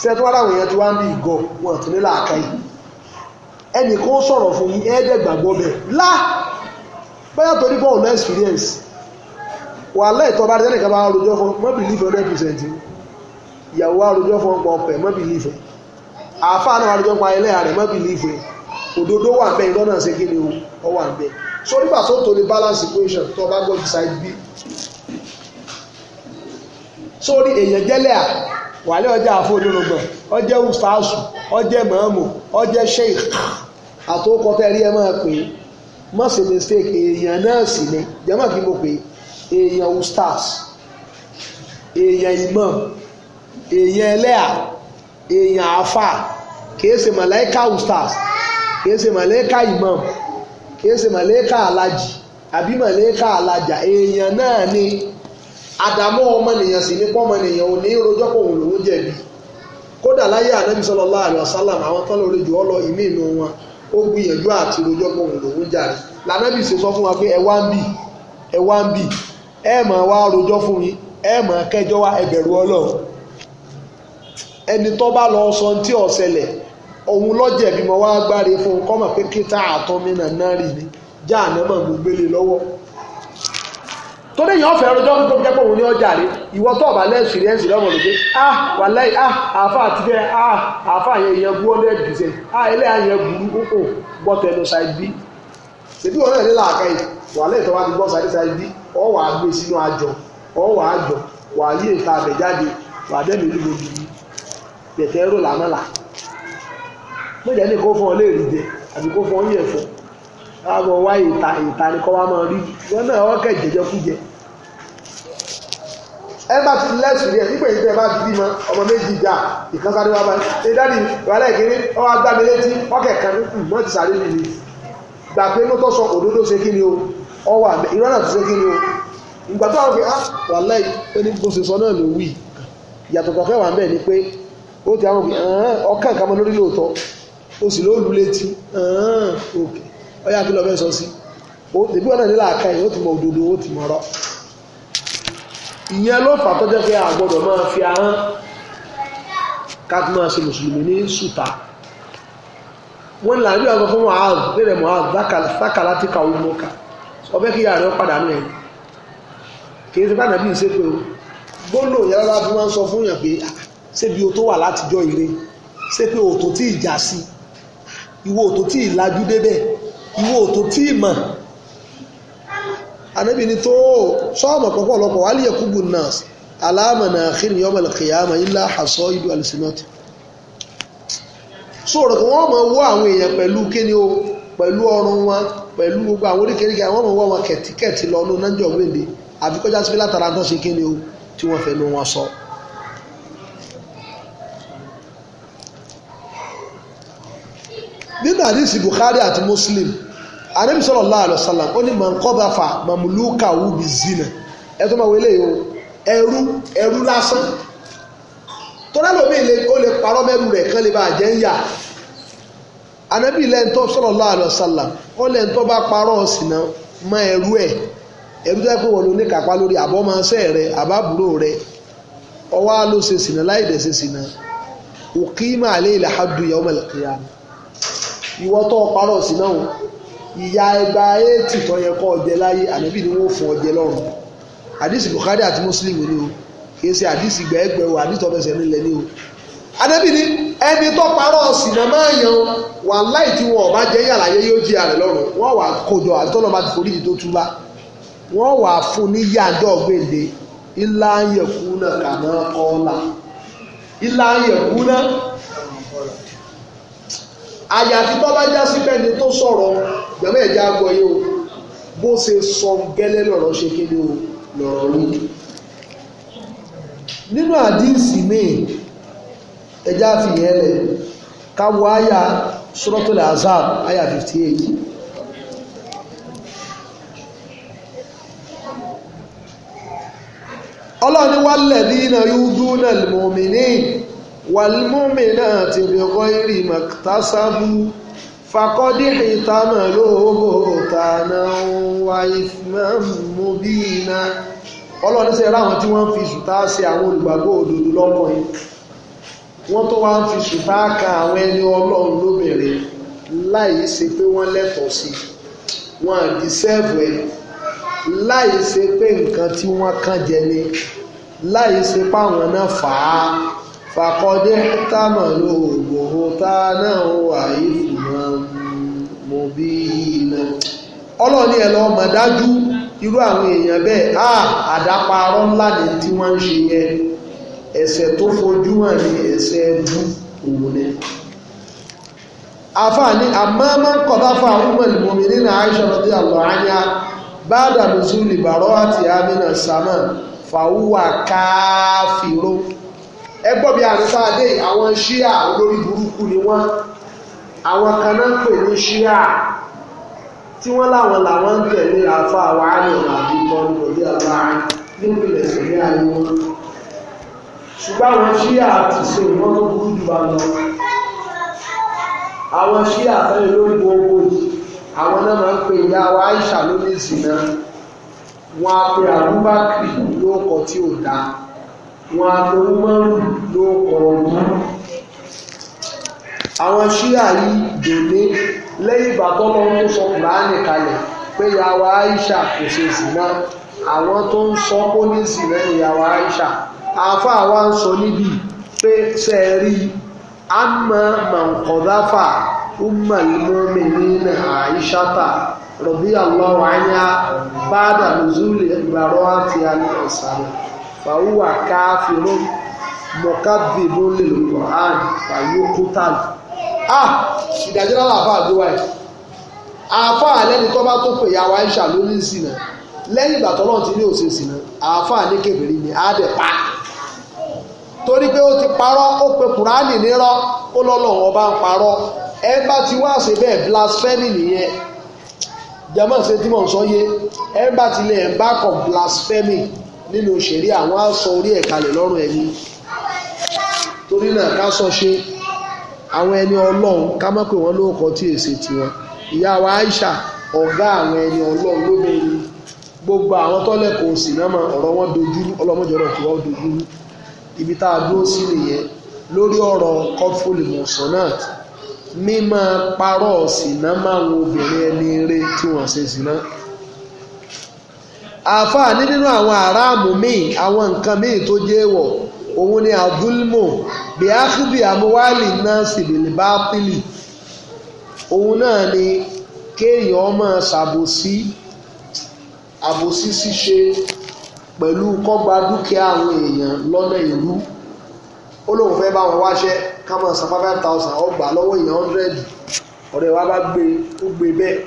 ṣé tí wọ́n ráwọn èèyàn ti wá ń bí ìgọ̀ wọn tún ní làákà yìí ẹnì kan sọ̀rọ̀ fún yín ẹ̀ẹ́dẹ̀gbàgbọ́ bẹ̀ lá bóyá torí bọ́ọ̀lù experience wàhálà ìtọ́ bá dẹ́nì kan bá rojọ́ fún mọ́ bìlífù hundred percent ìyàwó wa rojọ́ fún ọ̀pọ̀ ọ̀pẹ̀ mọ́ bìlífù àáfàá náà wà rojọ́ pa ẹlẹ́yà rẹ̀ mọ́ bìlífù òdodo wà bẹ́ẹ̀ irọ́ náà ṣe kí ni ó wà bẹ́ẹ̀ so nígbà tó tó lè balance equation tó bá gbọ́ ti side b sórí èèyàn jẹ́lẹ̀ à wàlẹ́ ọjà àfọ̀dúnrúgbọ̀n ọjẹ́ ustaasu ọjẹ́ mọ̀ọ́mù ọjẹ́ sheikh àtòkọ́tẹ́rí ẹ máa pè é má ṣe mistake èèyàn náà sì ni jẹ́mọ̀ kí mo pè é èèyàn ustaz èèyàn imam èèyàn ẹlẹ́à èèyàn afa kìí ṣe màláíkà ustaz kìí ṣe màláíkà imam kìí ṣe màláíkà alájì àbí màláíkà alájà èèyàn náà ni àdàmú ọmọnìyàn sì ní pọ́mọnìyàn ò ní rojọ́ pọ̀ òun lòún jẹ̀bi kódà láyé ànábì sallallahu alaihi wasallam àwọn tán lórí jù ọ lọ ìmí inú wọn ó gbìyànjú àti rojọ́ pọ̀ òun lòún jàre lànàbì ṣe sọ fún wa pé ẹ wá ń bì ẹ wá ń bì ẹ máa wá rojọ́ fún mi ẹ máa kẹjọ́ wá ẹ ọlọ́run ẹni tó bá lọ sọ tí ò ṣẹlẹ̀ òun lọ́jẹ̀bi mo wá gbáre fún kọ́mọ̀ pé kíta àtọ́mínà náà rì ní jáà náà mọ̀ gbélé lọ́wọ́ torí ní ọjà rí ìwọ tó ọ̀bà lẹ́sìn rí ẹ̀sìn lọ́mọ ah wà ah àti bẹ́ẹ̀ ah yẹn ah, yẹn ah ilé wàlẹ́ tó ti gbọ́ sáré sáré bí ọ wà á gbé sínú àjọ ọ wà á jọ wà á yí wà á dẹ́mi ní gbogbo yìí tẹ̀tẹ̀ rò lámọ́là méjì ẹni kó fún ọ léèrè àbí kó fún ọ yẹ fún ọ kọ́ wá máa rí wọn náà wọ́n kẹ́ ẹ bá ti lẹ́sùn nígbà yìí tẹ́ ẹ gbà pé ló tọ́sọ òdodo ṣe kí ni o ọwà irọ́ náà ti ṣe kí ni o ìgbà tó àwọn fi ah wàláì pé ní bó ṣe sọ náà ló wì ìyàtọ̀ kan fẹ́ wà bẹ́ẹ̀ ni pé ó ti àwọn ọkàn kan mọ́ lórí lóòótọ́ ó sì lóòlù létí òkè ọyá kí lọ fẹ́ sọ sí tèbí wọn náà nílà àká yìí ó ti mọ òdodo ó ti mọ ọ̀rọ̀ ìyẹn ló fà tọ́jọ́ pé a gbọ́dọ̀ máa fi ahọ́n ká tó máa ṣe mùsùlùmí ní sùtà wọ́n là ń bí ọkọ̀ fún Mu'adh léèrè Mu'adh sákàlá tí kàwé mọ́ ká ọbẹ̀ kí yàrá rẹ̀ padà nù ẹ̀ kì í ṣe bá nàbí ṣe pé o gbólò yẹn lára fi máa ń sọ fún yàn pé ah, ṣébi o tó wà látijọ́ ire ṣé pé òtò tí ì já sí ìwọ òtò tí ì lajú débẹ̀ ìwọ òtò tí ì mọ̀ anabi ni tó sọ́ọ̀mọ̀ pọ̀pọ̀ ọ̀lọ́pọ̀ wálé yẹ kúbu nọ́ọ̀sì aláàmà náà kí ni yọmọ al-qiyāmah ilá àṣọ ìdú so ọ̀rọ̀ kan wọ́n mọ̀ wọ́ àwọn èèyàn pẹ̀lú kíni o pẹ̀lú ọrùn wọn pẹ̀lú gbogbo àwọn oríkèéríkè àwọn mọ̀ wọ́ wọn kẹ̀tíkẹ̀tì lọ ní nájọ̀ gbèdé àfi kọjá sí pé látara tó ṣe kíni o tí wọ́n fẹ́ ló wọn sọ. nínú àdìsí Bukhari àti Muslim Ànábì sallallahu alaihi wasallam ó ní mọ̀nkọ́bàfà mamluka wù bí zina ẹ tó máa wọlé yìí o ẹrú ẹrú lásán tọ́lá lómi ó lè parọ́ mẹ́rù rẹ̀ kán lè bá jẹ́ ń yà anabi lẹ́ńtọ́ sallallahu alaihi wasallam wọ́n lẹ́ńtọ́ bá parọ́ sínà mọ́ ẹrú ẹ̀ ẹrú tó yẹ pé wọ́n ló ní kápá lórí àbọ́mọṣẹ́ rẹ̀ àbábúrò rẹ̀ ọwọ́ ló ṣe sínà láì dẹ̀ ṣe sínà òkìmọ̀ àlẹ́ ilẹ̀ hadu yawm al-qiyam ìwọ́ tó parọ́ sínà o ìyá ẹgbà ẹ̀ẹ́tì tó yẹ kó ọjẹ́ láyé anabi ni wọ́n fún ọjẹ́ lọ́rùn àdìsí Bukhari àti Muslim ni o kì í ṣe àdìsí gbẹ́gbẹ́ o àdìsí ọ̀fẹ́sẹ̀ nílẹ̀ ni o adébí ni ẹni tó parọ́ sinimá yan wà láì tí wọn ọba jẹ́ yàrá yẹ yóò jí ààrẹ lọ́rùn wọn wà kójọ àtọ́nà bá ti forí yìí tó túbá wọn wà fún ní yàjọ́ gbèǹde ilá yẹ̀kú náà kàná kọ́ọ́là ilá yẹ̀kú náà àyàfi tó bá já sí pẹ́ni tó sọ̀rọ̀ jàmọ́ ẹ̀já gbọ́ yìí o bó ṣe sọ gẹ́lẹ́ lọ́rọ̀ ṣe kéde o lọ́rọ̀ rí nínú àdínsì míì ẹjá fi yẹn lẹ̀ káwọ àyà suratul azab àyà 58 ọlọ́run ni walladhina yudhuna al-mu'minin wal-mu'minati bighayri maktasabu fàkọ́dí ìtàmà lóòótọ́ náà wáyé mọ́bí náà ọlọ́run ṣe ráwọn tí wọ́n ń fi sùtá ṣe àwọn olùgbàgbọ́ òdodo lọ́kàn yìí wọ́n tó wá ń fi sùtá ka àwọn ẹni ọlọ́run lóbìnrin láì ṣe pé wọ́n lẹ́tọ̀ọ́ sí wọn àdí sẹ́ẹ̀fù ẹ̀ láì ṣe pé nǹkan tí wọ́n kàn jẹ ni láì ṣe páwọn náà fà á fàkọdé tàmà ló gbòho tá náà wà ìfúnná mọ̀ bí iná ọlọ́run ẹ̀ lọ́ọ́ mọ̀ dájú irú àwọn èèyàn bẹ́ẹ̀ á ah, àdáparọ́ ńlá ní tí wọ́n ń ṣe yẹn ẹ̀ṣẹ̀ tó fojú hàn ní ẹ̀ṣẹ̀ ẹbú òun ni àfààní àmọ́mọ́ kọ̀dá fún àwọn mọ̀lùmọ̀mí nínú àìṣà lọ́dí àlọ́ ányá bá dàbí sùn ìbàrọ́ àti àmìnà sàmà fàwúwà káfìró ẹgbọ́n bí àrùntà dé àwọn ṣíà olórí burúkú ni wọ́n àwọn kan náà pè ní ṣíà tí wọ́n láwọn làwọn ń tẹ̀lé àfa wàhálì àbí bọ́ọ̀lù òbí àbáyé nípìnlẹ̀ ìṣẹ̀lẹ̀ ayé wọn ṣùgbọ́n àwọn ṣíà ti ṣe ìwọ́n tó burú jù bá lọ àwọn ṣíà fẹ́rẹ̀ lórí gbogbo yìí àwọn náà máa ń pe ìyá wa Aisha lórí ìsìnà wọn á pe Abubakar lóòkọ tí ò dáa wọn á pe Umaru lóòkọ ọdún àwọn ṣíà yìí dòní lẹ́yìn ìgbà tọ́lọ́ ń tó sọ kùránì kalẹ̀ pé ìyàwó Aisha kò ṣe zìnà àwọn tó ń sọ kó ní zìnà ìyàwó Aisha àáfà wa ń sọ níbi pé ṣe é rí àmọ́ mọ̀nkọ́dáfà umalimomi nínú Aisha ta rọ̀bí Allahu anha bada nuzuli ìgbàrọ̀ àti àmì ìsàlẹ̀ fàwùwà káfíró mọ̀kábìbó lè lọ́hàn fàyókútàlù a ah, ìdájọ́ náà làbá àdúrà ẹ̀ àáfà lẹ́ni tó bá tó pè ya wa ìṣà ló ní sìnà lẹ́yìn ìgbà tọ́lọ́ ti ní òsè sìnà àáfà ní kèfèrí ni á pa torí pé ó ti parọ́ ó pe kùránì nírọ́ ó lọ́lọ́ wọn bá ń parọ́ ẹ bá ti wá ṣe bẹ́ẹ̀ blasphemy nìyẹn jẹ́mọ̀ ṣe tí mò ń sọ yé ẹ bá ti lè back of blasphemy nínú òṣèré àwọn aṣọ orí ẹ̀ kalẹ̀ lọ́rùn ẹ̀mí torí náà ká sọ ṣe. àwọn ẹni ọlọ́run ká má pè wọ́n lóòkọ́ tí èsè tiwọn ìyá wa Aisha ọ̀gá àwọn ẹni ọlọ́run gbogbo àwọn tọ́lẹ̀kọ̀ òsì náà wọn tí wọ́n ibi tá a dúró sí nìyẹn lórí ọ̀rọ̀ kọ́fúlì mímọ parọ́ obìnrin ẹni eré tí wọ́n ṣe ní nínú àwọn òun ni abdulmo biakidi amuwali náà sibili bátìlì òun náà ni kéèyàn ọmọ ṣàbòsí àbòsí ṣíṣe pẹ̀lú kọ́gba dúkìá àwọn èèyàn lọ́nà ìlú ó lóun fẹ́ bá wọn wáṣẹ́ ká san five thousand ọgbà lọ́wọ́ èèyàn hundred ọ̀rẹ́ wa bá gbé ó gbé bẹ́ẹ̀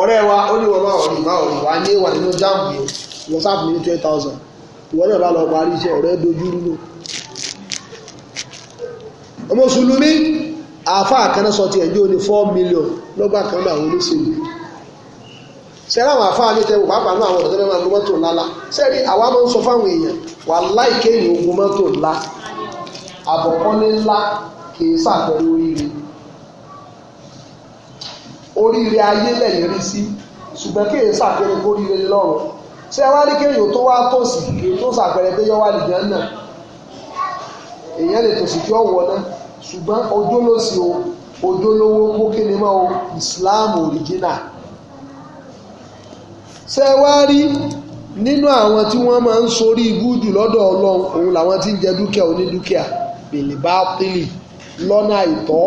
ọ̀rẹ́ wa ó ní wọn bá ọ̀rìn bá ọ̀rìn ní ìwà nínú jáàmù yìí wọ́n sáà fún mi ní twenty thousand ìwọ náà bá lọ parí iṣẹ́ rẹ dojú rúrú ọmọ sùlùmí àáfà àkànná sọ ti ẹ̀jọ́ ní four million lọ́gbà kan náà àwọn olóṣèlú sẹ́rẹ́ àwọn àáfà àlejò ẹ̀wò pàápàá náà àwọn ọ̀dọ́dọ́ máa ń gbọ́ mọ́tò ńlá lá sẹ́rí àwa máa ń sọ fáwọn èèyàn wà láìké èèyàn ogun mọ́tò ńlá àbọ̀kọ́lé ńlá kì í sàtẹ̀lé oríire oríire ayé lẹ́yìn rí sí ṣùgbọ́n kì í sàtẹ̀lé oríire lọ́rùn ṣé wá rí kéèyàn tó wá tòsí èyí tó sàpẹrẹ pé yọwá lè jẹun náà èèyàn lè tòsí tí ó wọ náà ṣùgbọ́n ojú ló sì o ojú lówó mú kí ni mọ́ o Islam original ṣé wá rí nínú àwọn tí wọ́n máa ń sorí ibú jù lọ́dọ̀ Ọlọ́run òun làwọn tí ń jẹ dúkìá onídúkìá bèlè bá pélì lọ́nà àìtọ́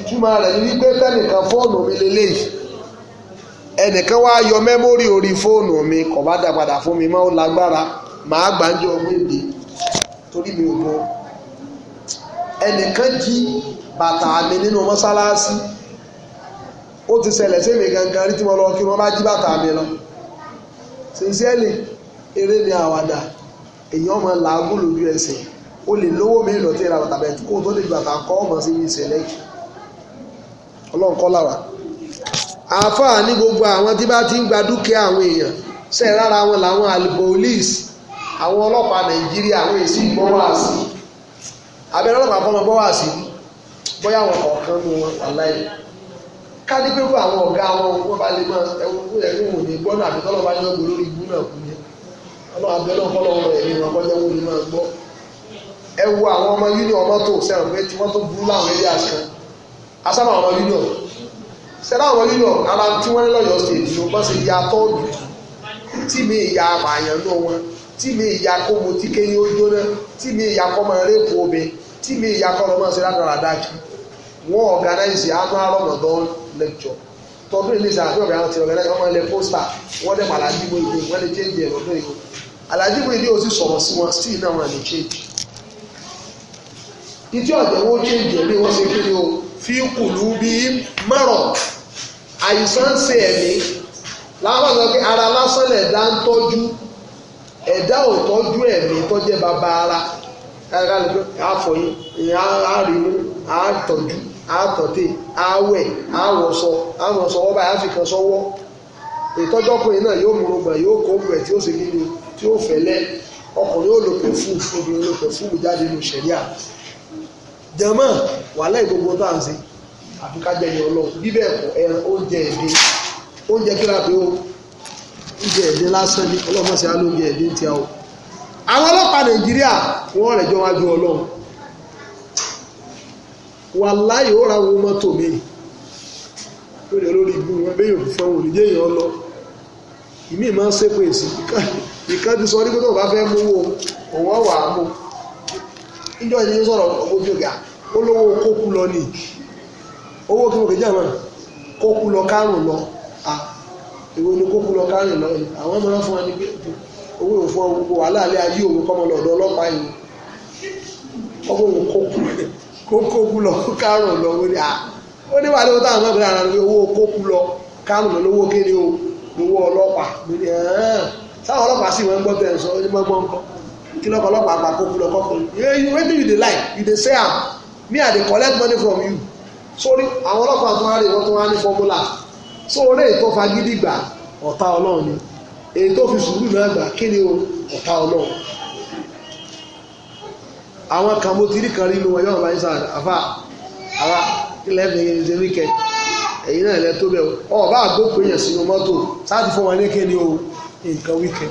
ìtumọ̀ rẹ̀ ni wípé tẹ́nìkan fóònù mi lélẹ́yìí ẹnìkan wá yọ mẹ́mórì orí fóònù mi kò bá dá padà fún mi mọ́ ó lágbára màá gbàǹjọ wéde torí mi ò bọ ẹnìkan jí bàtà mi nínú mọ́sálásí ó ti ṣẹlẹ̀ sí mi gangan rí tí mo lọ kí wọ́n bá jí bàtà mi lọ sincerely eré ni àwàdà èèyàn máa làágùn lójú ẹsẹ̀ o lè lówó mi lọ tí ìlànà tàbí ẹ̀túkọ́ tó lè gbà kà kọ́ ọmọ sí mi ìṣẹ̀lẹ̀ ọlọ́run kọ́ làwà. afọ ní gbogbo àwọn tí bá ti ń gba dúkìá àwọn èèyàn ṣe lára wọn làwọn alpolis àwọn ọlọ́pàá nàìjíríà àwọn èsì gbọ́wàsí abẹ́rẹ́ ọlọ́pàá fọmọ gbọ́wàsí bóyá àwọn kọ̀ọ̀kan ní wọn aláì ní pé àwọn ọ̀gá wọn wọ́n bá lè máa ẹ̀wọ̀n fún ẹ̀rí wò ní gbọ́nà tọ́lọ́ bá lórí náà kú ni ọ̀pọ̀lọpọ̀ ṣẹlá àwọn yíyọ ara tí wọ́n ní lọ́yọ̀ stéèdì ló bá ṣe ya tọ́ọ̀dù tí mi ìyá àpààyàn náà wọn tí mi ìyá kó mo tí kéyìn ó jóná tí mi ìyá kọ́ máa rẹ́pù omi tí mi ìyá kọ́ máa ṣe ládàrá dájú wọ́n ọ̀gánáìsì annual Ramadan lecture tọdún ilé ìsàkóso ọ̀gá ti ọ̀gánáìsì wọ́n máa lẹ pósítà wọ́n dẹ̀ màlá dìbò ìlú wọ́n lè change ẹ̀rọ lórí ìlú alájí mi ní o sì still náà wọn lè change ìtí ọ̀jẹ̀ wọn change ẹ̀mí wọn ṣe kéde o fi kùlù bí mọ̀rọ̀ àìsàn ṣe ẹ̀mí láwọn sọ pé ara lásán lẹ̀dá ń tọ́jú ẹ̀dá ò tọ́jú ẹ̀mí tọ́jẹ́ bàbá ara ẹ̀ka lè pé àfọyín ìyá àrìmú àtọ́jú àtọ̀tẹ̀ àwẹ̀ àwọ̀sọ àwọ̀sọ wọ́n báyìí àfikàn sọ́wọ́ ìtọ́jọ́ pé náà yóò mú ọgbà yóò kó ọgbà tí ó ṣe kí ni tí ó fẹ́lẹ́ ọkùnrin ó lò pẹ̀fú obìnrin lò pẹ̀fú jáde nù sẹ̀ríà jẹ̀mọ́ wàhálà ìgbogbo tá à ń ṣe àfi ká jẹyẹ ọlọ́run bíbẹ̀ ẹ̀kọ́ ẹran oúnjẹ ẹ̀dẹ́ oúnjẹ kíra pé ó oúnjẹ ẹ̀dẹ́ lásán ní ọlọ́mọ sí alóúnjẹ ẹ̀dẹ́ ti àwọn. àwọn ọlọ́pàá nàìjíríà wọ́n rẹ̀ jọ wájú ọlọ́run wàláyé ó ra wọn mọ́tò mi lórí olórí igbó wọn bẹ́ẹ̀ yóò fún wọn olùjẹ́ èèyàn lọ ìmí máa ń ṣépè sí ìkan ti sọ ní pé tó o bá fẹ́ mú owó òun ọ̀wà mú níjọ́ ìdíje sọ̀rọ̀ ojú ọ̀gá olówó kókú lọ ni owó kí mo kè jẹ́ àmọ́ kókú lọ kárùn lọ à èwo ni kókú lọ kárùn lọ yìí àwọn ọmọ náà fún wa ní pé owó ìfọ gbogbo wàhálà alẹ́ ayé òun kọ́mọ lọ́dọ̀ ọlọ́pàá yìí ọmọ òun kókú kókú lọ kárùn lọ wọ́n ni à ó ní wàhálà owó táwọn ọmọbìnrin ara ní owó kókú lọ kárùn lọ lówó kéde o lówó ọlọ́pàá mi ni ẹ̀ẹ́n sáwọn ọlọ́pàá sì máa ń gbọ́ tẹ̀ sọ ọ́ me i dey collect money from you Sorry, àwọn ọlọ́pàá tó wá rè wọ́n tó wá ní fọ́múlà sórí èyí tó fagídí gbà ọ̀tá ọlọ́run ni èyí tó fi sùúrù náà gbà kí ni o ọ̀tá ọlọ́run àwọn kan mo ti rí kan rí inú wọn yóò máa ń sá àfà àwa ilẹ̀ ẹ̀fẹ̀ yẹn ṣe wíkẹ́ ẹ̀yìn náà ilẹ̀ tó bẹ̀ ọ̀ bá àgbókùn yẹn sínú mọ́tò sáàtì fún wọn ní kí ni o nǹkan wíkẹ́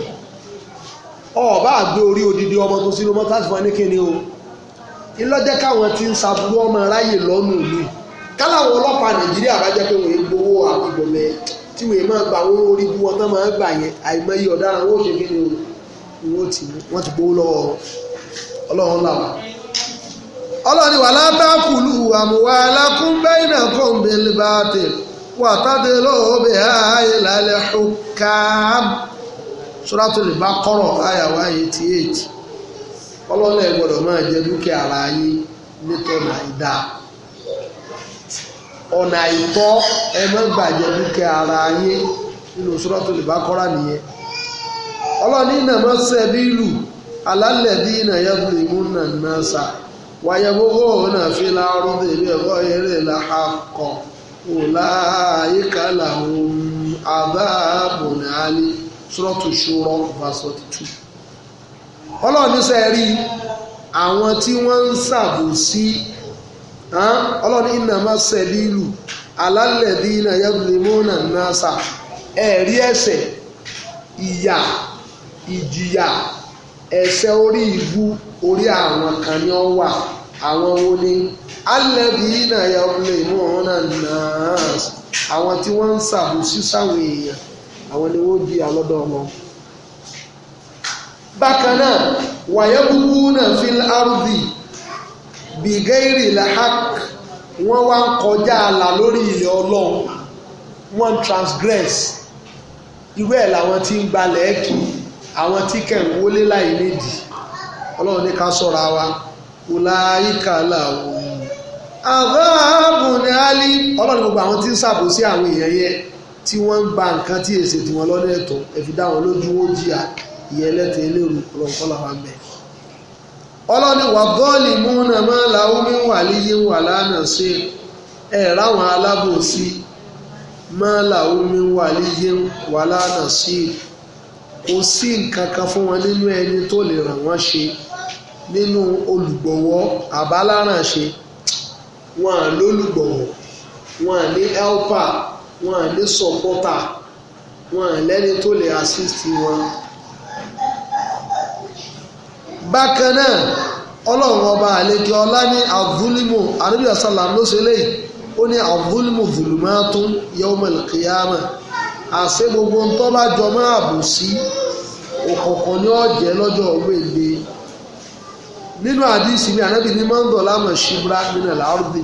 ọ̀ bá àgbé orí odidi ọmọ tó sínú mọ́tò sáàtì fún wọn ní kí o ńlọ́jẹ́ káwọn ti ń saburú ọmọ aráyè lọ́nà òní káláwọn ọlọ́pàá nàìjíríà bá jẹ́ pé wọ́n ń gbowó àwọn ìbọ̀mẹ́ tí wọ́n máa gbà wọ́n orí bú wọn tán máa ń gbà yẹn àìmọye ọ̀daràn wọ́n ṣe kíni o wọ́n ti wọ́n ti gbowó lọ́wọ́ ọlọ́run làwọn. ọlọ́ni wà látàkùlù àmúwá alákùnbẹ́yìnà kọ́ńbẹ́lẹ́ bá tẹ̀ wà tàdé lọ́ọ̀bẹ̀ ààyè lálẹ́ ṣùkàm ọlọ́lẹ̀ gbọ́dọ̀ máa jẹ dúkìá ara yín nítorí àìdá ọ̀nà àìtọ́ ẹ má gbàjẹ́ dúkìá ara yín nínú Suratul Baqara nìyẹn ọlọ́ni iná máa sẹ́bí ìlú alálẹ̀ bí iná yẹ́bùlì mú nà náà sà wáyé gbogbo ọ̀nà fi ẹ̀kọ́ eré làwọn àbá àbùnà verse ọlọ́run ní sẹ́ rí àwọn tí wọ́n ń ṣàbòsí ọlọ́run ní ìnàmá sẹ́lílù alálẹ̀dí iná yẹ́bùlẹ́mọ́nà nasa ẹ̀rí ẹ̀ṣẹ̀ ìyà ìjìyà ẹ̀ṣẹ̀ orí ìbú orí àwọn kan ni ó wà àwọn wo ni alẹ́bí iná nasa àwọn tí wọ́n ń bákan náà wàyẹ́bùkú náà fi arúgbì bìgẹ́rì làhák wọ́n wá ń kọjá àlà lórí ilẹ̀ ọlọ́run wọ́n transgress irú ẹ̀ làwọn tí ń gbalẹ̀ ẹ̀kì àwọn tí kẹ̀ ń wọlé láì nídìí ọlọ́run ní ká sọ̀rọ̀ wa ọláyíká làwọn àbáàbùn ní alí ọlọ́run gbogbo àwọn tí ń ṣàbòsí àwọn èèyàn yẹn tí wọ́n ń ba nǹkan tí èsè tí wọ́n lọ́dẹ̀ tó ẹ̀fídà lójú ó jìyà ìyẹn ẹlẹ́tẹ̀ eléru ọlọ́nkọ́lá wa bẹ̀. ọlọ́ni wà bọ́ọ̀lì múnà máa làwọn mi wà líyé wà lánàá sí ẹ̀ ráwọn alábòsí máa làwọn mi wà líyé wà lánàá sí kò sí nǹkan kan fún wọn nínú ẹni tó lè ràn wọ́n ṣe nínú olùgbọ̀wọ́ àbálárànṣe wọn à lólùgbọ̀wọ́ wọn à ní helper wọn à ní supporter wọn à lẹ́ni tó lè assist wọn bákan náà ọlọ́run ọba àlejò ọlá ní àvúlímù àdúgbò ọ̀sálà ló ṣe léyìí ó ní àvúlímù zulumatun yawmal qiyamah àṣẹ gbogbo ń tọ́ bá jọ máa bù sí òkọ̀ọ̀kan ní ọ̀jẹ́ lọ́jọ́ òwe ìgbé nínú àdìsí ni ànábì ní mọ́ńdọ̀ lámọ̀ ṣibra nínú làárùbí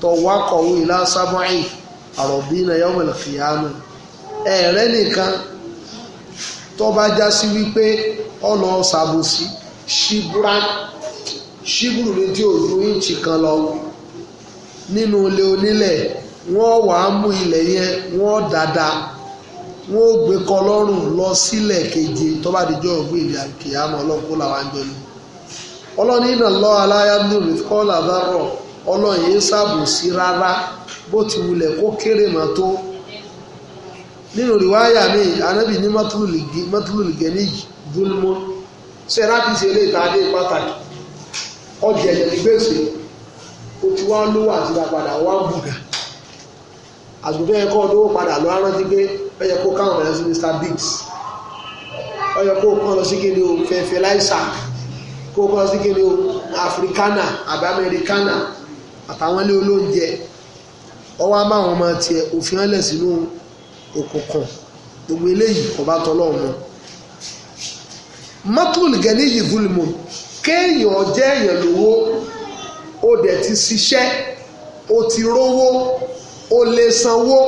tó kọ̀wé ilá àròbí náà yawmal ẹ̀rẹ́ nìkan tó já sí wípé ọlọ́ọ̀ sàbòsí ṣíbúrá ṣíbúrú ni tí òdu íǹṣì kan lọ nínú ilé onílẹ̀ wọ́n wàá mú ilẹ̀ yẹn wọ́n dáadáa wọ́n ó gbé kọ lọ́rùn lọ sílẹ̀ keje tó bá dijọ́ ògbé ìlú kìyàmọ́ ọlọ́run kó làwọn àjọ ni ọlọ́ni iná lọ aláyájú rìkọ́là dárọ̀ ọlọ́run yìí ṣàbòsí rárá bó ti wulẹ̀ kó kéré mà tó nínú rìwáyà mi anábì ní mọ́túlùlùgẹ́ níyì dúlmọ́ sẹ́rà kìí ṣe pataki tàdé pàtàkì ọjà ẹ̀jẹ̀ ní gbèsè o ti wá lówó àti ìdápadà wá gbùgà àsìkò yẹn kọ́ lówó padà lọ arántí pé ó yẹ kó káwọn ẹ̀rọ sí Mr Biggs ó yẹ kó kọ́ o fẹ́fẹ́ láìsà kó kọ́ lọ sí o àbí àtàwọn ilé olóúnjẹ ọwọ́ tiẹ̀ òfin òkùnkùn gbogbo eléyìí kò bá mọ́tòlù gẹ̀ ní yìvùlùmọ̀ kéèyàn jẹ́ èèyàn lówó ó dẹ̀ ti ṣiṣẹ́ ó ti rówó ó lè sanwó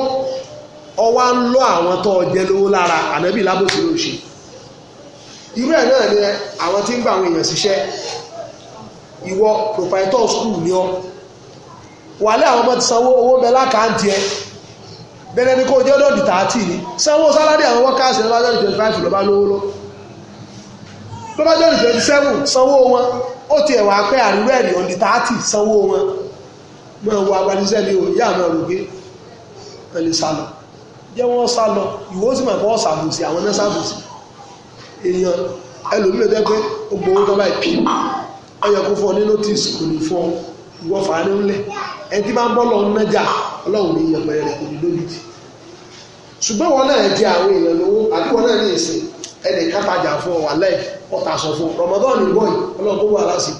ọwá ń lọ àwọn tó jẹ lówó lára ànábì lábòsí ló ṣe irú ẹ̀ náà ni àwọn tí ń gba àwọn èèyàn ṣiṣẹ́ ìwọ proprietor school ni ọ wàlẹ́ àwọn ọmọ ti sanwó owó bẹ lákàntì ẹ bẹ́ẹ̀ ni kò jẹ́ ọdọ̀dì tààtì ni sanwó sálárì àwọn workers ní ọjọ́ twenty five lọ́ba lówó lọ́wọ́ tó bá jọ́nù twenty seven sanwó wọn ó ti ẹ̀wà pẹ́ àríwá ẹ̀rí ọ̀dì tààtì sanwó wọn mọ̀ ẹ̀wọ̀ agbadisẹ́ ni o yá àmọ́ rògbé ẹ̀ lè sálọ jẹ́ wọ́n sálọ ìwọ sì máa fọ́ sàbòsì àwọn náà sàbòsì èèyàn ẹlòmíì tẹ́ pé ó gbowó tọ́ báyìí pì ọyọ kó fún ọ ní notice kò ní fún ọ ìwọ fàánù ńlẹ̀ ẹni tí bá ń bọ́ lọ nájà ọlọ́run ní iyẹ̀pẹ̀ rẹ̀ kò ní lóbi jì ṣùgbọ́n wọn náà jẹ àwọn èèyàn lówó àbí wọn náà ní ìsìn ẹnìkan tajà fún ọ wà láì ọ̀tà sọ fún rọmọdọ́ọ̀nì bọ́ọ̀lì ọlọ́run tó wà láti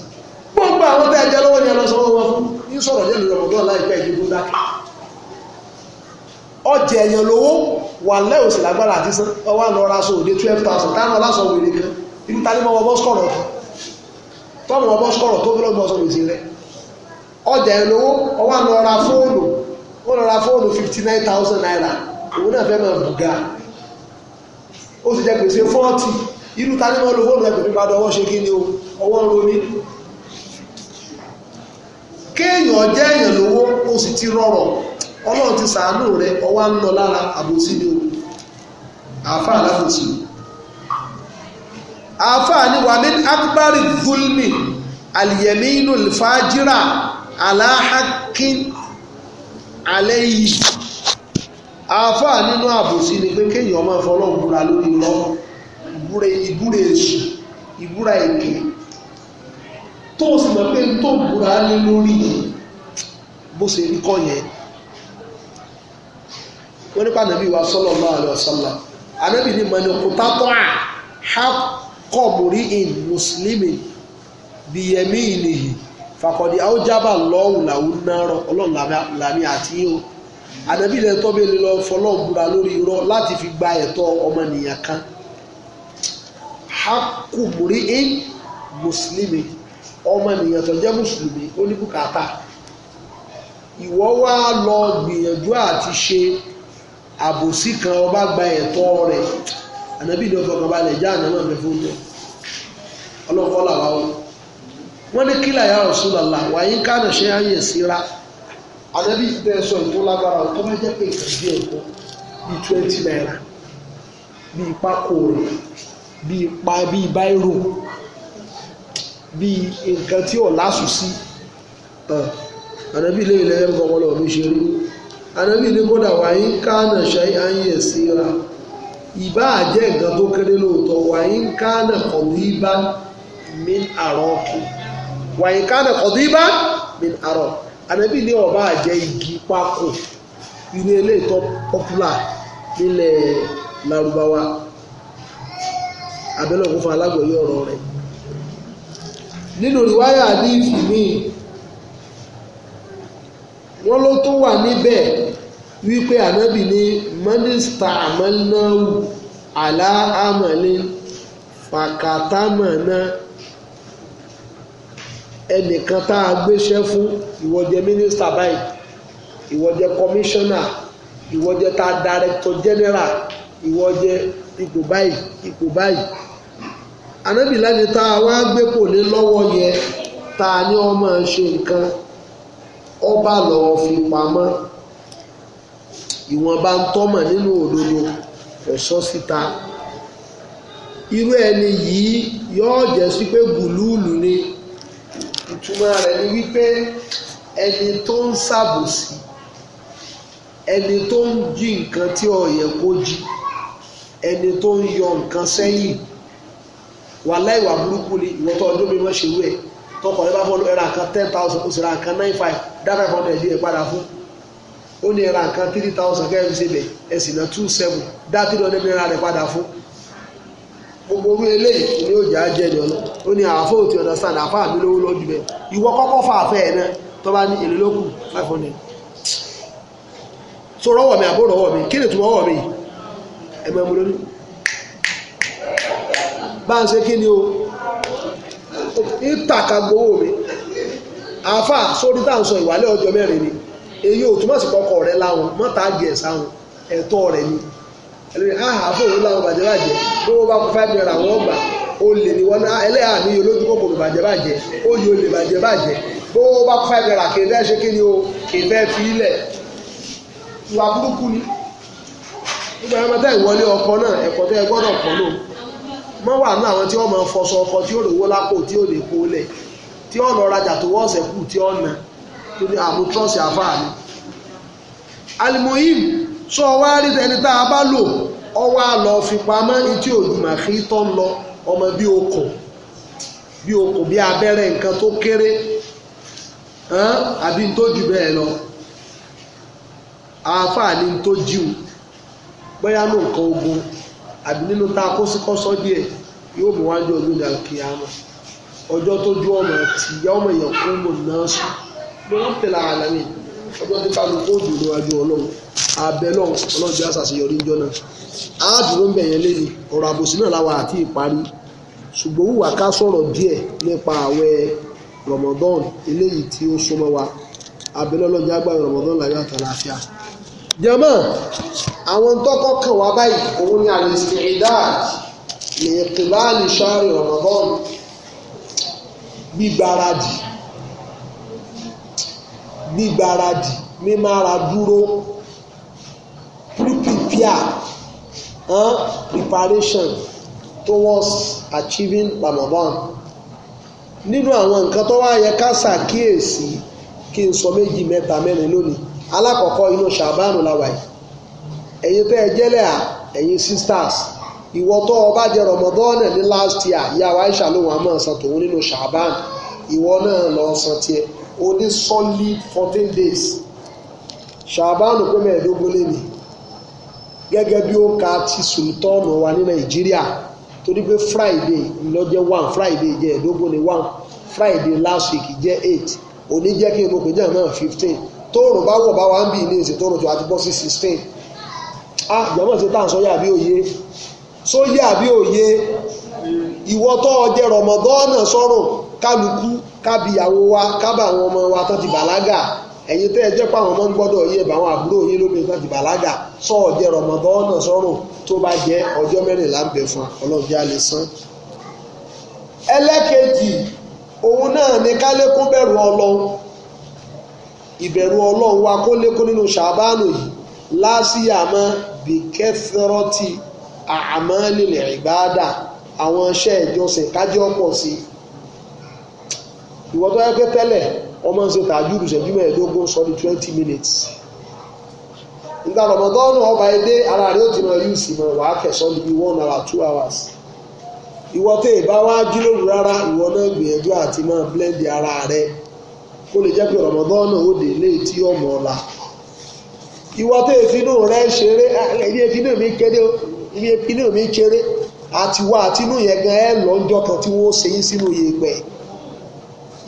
gbogbo àwọn tẹ́ ẹjẹ́ lọ́wọ́ ni ẹ lọ sọ wọ́n fún ní sọ̀rọ̀ yẹn lórí rọmọdọ́ọ̀nì láìpẹ́ yìí tó dákẹ́ ọjà ẹ̀yàn lówó wà láì òsì lágbára àti sán ọwọ́ àná ọ̀rá sọ òde twelve thousand táwọn ọlásọ wèrè kan ibi ta ni mo wọ bọ́sùkọ̀rọ̀ kan tọ́mù wọ bọ́sùkọ̀rọ̀ tó fi lọ́gbọ́n sọ lòdì rẹ ọjà ẹ̀yàn lówó ọwọ́ àná ọ̀rá fóònù ó lọ ra fóònù fifty nine thousand naira òun náà fẹ́ máa bùgà ó ti jẹ gbèsè fọ́ọ̀tì irú ta ní wọ́n lo fóònù ẹgbẹ̀rún padà ọwọ́ ṣe kí ni o ọwọ́ ń ronú kéèyàn jẹ́ èèyàn lówó ó sì ti rọrọ̀ ọlọ́run ti sàánú rẹ ọwá ń lọ lára àbòsí ni o àáfà alábòsí àáfà ni wàmín akbari zulmi aliyeminu alfajira alahakin alayhi. afa n'inu àbòsí ni pé kéèyàn máa fọlọ́ búra lórí irọ́ ìbúra ibura èṣù ìbúra èké tó o sì mọ̀ pé tó búra bó rí yẹn wọ́n nípa nàbí wa sallallahu anábì a ha kọ borí in mùsùlùmí bìyẹ̀mí ìnìyí náà rọ ọlọ́run ànábì rẹ̀ tọ́ bẹ́ẹ̀ lọ fọlọ́ lórí irọ́ láti fi gba ẹ̀tọ́ ọmọnìyàn kan hakumuri in mùsùlùmí ọmọnìyàn tó jẹ́ mùsùlùmí ó ní bùkátà ìwọ wá lọ gbìyànjú àti ṣe àbòsí kan ọba gba ẹ̀tọ́ rẹ̀ ànábì ní ọfọ kan balẹ̀ já àná náà fẹ́ fún tẹ ọlọ́kọ́ làwa o ní kílà yà wàyí àdàbí ìtẹ́ sọ ètò lágbára tó bá jẹ́ pé nǹkan díẹ̀ kọ́ bíi twenty naira bíi pákó rẹ̀ bíi pa bíi báírò bíi nǹkan tí ò lásù sí àdàbí ilé ilẹ̀ ẹ̀rọ ọpọlọ mi ṣe rí àdàbí ilé kódà wáyé kánà ṣe àyè sí ra ìbá àjẹ́ nǹkan tó kéré lóòótọ́ wáyé kánà kọ̀ọ̀dù ibà min àrọ́ọ̀kì wáyé kánà kọ̀ọ̀dù ibà min àrọ́ọ̀kì ànábì ní ọba àjẹ igi pákó ilé ilé ìtọ́ popular nílẹ̀ Lárúbáwá abẹ́lẹ̀ òkú fún alágbòye ọ̀rọ̀ rẹ̀ nínú ìwáyà àdífì míì wọ́n ló tó wà níbẹ̀ wípé ànábì ní mọ́nísítà àmọ́náwù aláàmọ̀lé fàkàtàmọ̀ná ẹnìkan tá a gbéṣẹ́ fún ìwọ jẹ́ mínísítà báyìí ìwọ jẹ́ kọmíṣánná ìwọ jẹ́ tá a dàrẹ́tọ̀ jẹ́nẹ́rà ìwọ jẹ́ ipò báyìí ipò báyìí anábìláni tá a wá gbépò lé lọ́wọ́ yẹn tá a ní ọmọ ṣe nǹkan ọba lọ́wọ́ fi pamọ́ ìwọ̀nba ń tọ́mọ̀ nínú òdodo ọ̀sọ́ síta irú ẹni yìí yọ́ọ́ jẹ́ sí pé gùlúùlù ni ìtumọ̀ rẹ̀ ni wípé ẹni tó ń ṣàbòsí ẹni tó ń jí nǹkan tí ó yẹ kó jí ẹni tó ń yọ nǹkan sẹ́yìn wàhálà ìwà burúkú ni ìwọ tó ọdún mi mọ̀ ṣe wẹ̀ tọkọ̀ ẹ bá fọ́ ẹ̀rà kan ten thousand ó sì ra nǹkan nine five dá five hundred yẹ padà fún ó ní ẹ̀rà kan three thousand kẹ́hìn ṣe bẹ̀ ẹ̀ sì ná two seven dá three hundred naira rẹ̀ padà fún gbogbo orú eléyìí ni ó jà á jẹ́ ẹ̀yọ́ náà ó ní àáfà ò ti understand àáfà mi lówó lọ́jú bẹ́ẹ̀ ìwọ kọ́kọ́ fà á fẹ́ ẹ̀ náà tó bá ní èlé lókù five hundred so rọwọ́ mi àbó rọwọ́ mi kí ni tún rọwọ́ mi ẹ máa mú lórí bá ń ṣe kí ni o ìtàkà gbowó mi àáfà sórí tá à ń sọ ìwálẹ̀ ọjọ́ mẹ́rin ni èyí ò túmọ̀ sí kọ́kọ́ rẹ láwọn mọ́ta jẹ̀ sáwọn ẹ̀tọ́ rẹ ni. aha fóònù làwọn bàjẹ́ bàjẹ́ bí wọ́n bá kó five naira wọ́n gbà olè ni wọ́n ẹlẹ́yà mi olójú kòkòrò bàjẹ́ bá kó fẹ́ ṣe ni o kede í fi ilẹ̀ ìwà ni ọkọ náà tó wà ní àwọn ọkọ tí lówó lápò tí lè kó tí na tó ní àmú trọ́ọ̀sì sọ wá rí ẹni tá a bá lò ọwọ́ a lọ fi pamọ́ etí òdìmọ̀kì tó ń lọ ọmọ bí okùn bí okùn bí abẹ́rẹ́ nǹkan tó kéré àbí n tó jù bẹ́ẹ̀ lọ àáfàá ni n tó jù bóyá ní nǹkan ogun àbí nínú tá a kó sí kọ́sọ́ díẹ̀ yóò mú wájú ọdún ìdá kìámà ọjọ́ tó ju ọmọ tìyá ọmọ yẹn kú náà sùn lọ́wọ́ tẹ̀lé àlàyé ọjọ́ tí kálukú òjò níwájú ọlọ́run abẹ́ náà ọlọ́run ti àṣàṣeyọrí níjọ́ náà àádùúró ń bẹ̀yẹn lé ní ọ̀rọ̀ àbòsí náà láwa àti ìparí ṣùgbọ́n wùwà ká sọ̀rọ̀ díẹ̀ nípa àwẹ̀ Ramadan eléyìí tí ó súnmọ́ wa abẹ́ ọlọ́run ti àgbà Ramadan láyé àtàlàáfíà jẹ́mọ́ àwọn tọ́kọ́ kan wá báyìí òun ni àlè ìgbàlè ṣáà Ramadan gbígbáradì gbígbaradì mímára dúró prepare huh? preparation towards achieving Ramadan nínú àwọn nǹkan tó wá yẹ ká ṣàkíyèsí kí n sọ méjì mẹ́ta mẹ́rin lónìí alákọ̀ọ́kọ́ inú ṣàbánù la wà yìí ẹ̀yin tó ẹ jẹ́lẹ̀ à ẹ̀yin sisters ìwọ tó o bá jẹ rọmọdọ́ọ̀nà ní last year ìyá wa Aisha ló wọn a máa san tòun nínú ṣàbánù ìwọ náà lọ san tiẹ̀ ó ní solid fourteen days ṣàbánu pé mẹ́ẹ̀ẹ́dógún lé ní gẹ́gẹ́ bí ó ka ti sultanu wa ní nàìjíríà torí pé friday ló one friday jẹ́ ẹ̀ẹ́dógún ní one friday last week jẹ́ eight òní jẹ́ kí n mọ̀ pé jẹ́ náà fifteen tóòrùn bá wọ̀ bá wà ń bì ní èsì tóòrùn tó àti bọ́ sí sixteen ah jọ̀mọ́ sí tá à ń sọ́yà bí òye sọ́yà bí òye ìwọ tó ọjẹ́ rọmọdọ́nà sọ̀rọ̀ kálukú kábi ìyàwó wa kábà àwọn ọmọ wa tó ti bàlágà ẹ̀yin tẹ́ ẹ jẹ́ pé àwọn ọmọ gbọ́dọ̀ yé bá àwọn àbúrò yín lómi tó ti bàlágà sọ ọ̀jẹ̀ rọ̀mọ̀dọ́nà sọ́rùn tó bá jẹ́ ọjọ́ mẹ́rìnlá ń bẹ fún ọlọ́ọ̀dẹ́ alẹ́ sán. ẹlẹ́kejì òun náà ni ká lékún bẹ̀rù ọlọ́run ìbẹ̀rù ọlọ́run wa kó lékún nínú ṣàbánù yìí lásìyàmọ́ bìkẹ́fẹ́rọ́tì àmọ́ lílẹ̀ ìbáàdà àwọn iṣẹ́ ìjọsìn kájọ́ pọ̀ sí i ìwọ tó yẹ pé tẹ́lẹ̀ ọmọ ń ṣe tàjúdù ṣẹ́jú mẹ́ẹ̀ẹ́dógún sọ ní twenty minutes nígbà rọmọdọ́nù ọba ẹdẹ ara rẹ ó ti mọ yìí sì mọ wàá kẹsàn án níbi one hour two hours ìwọ tẹ ìbá wá jíròrò rárá ara rẹ kó lè jẹ́ pé ó dé lé ọmọ ọ̀la ìwọ rẹ ṣeré mi mi kéré àtinú yẹn gan ẹ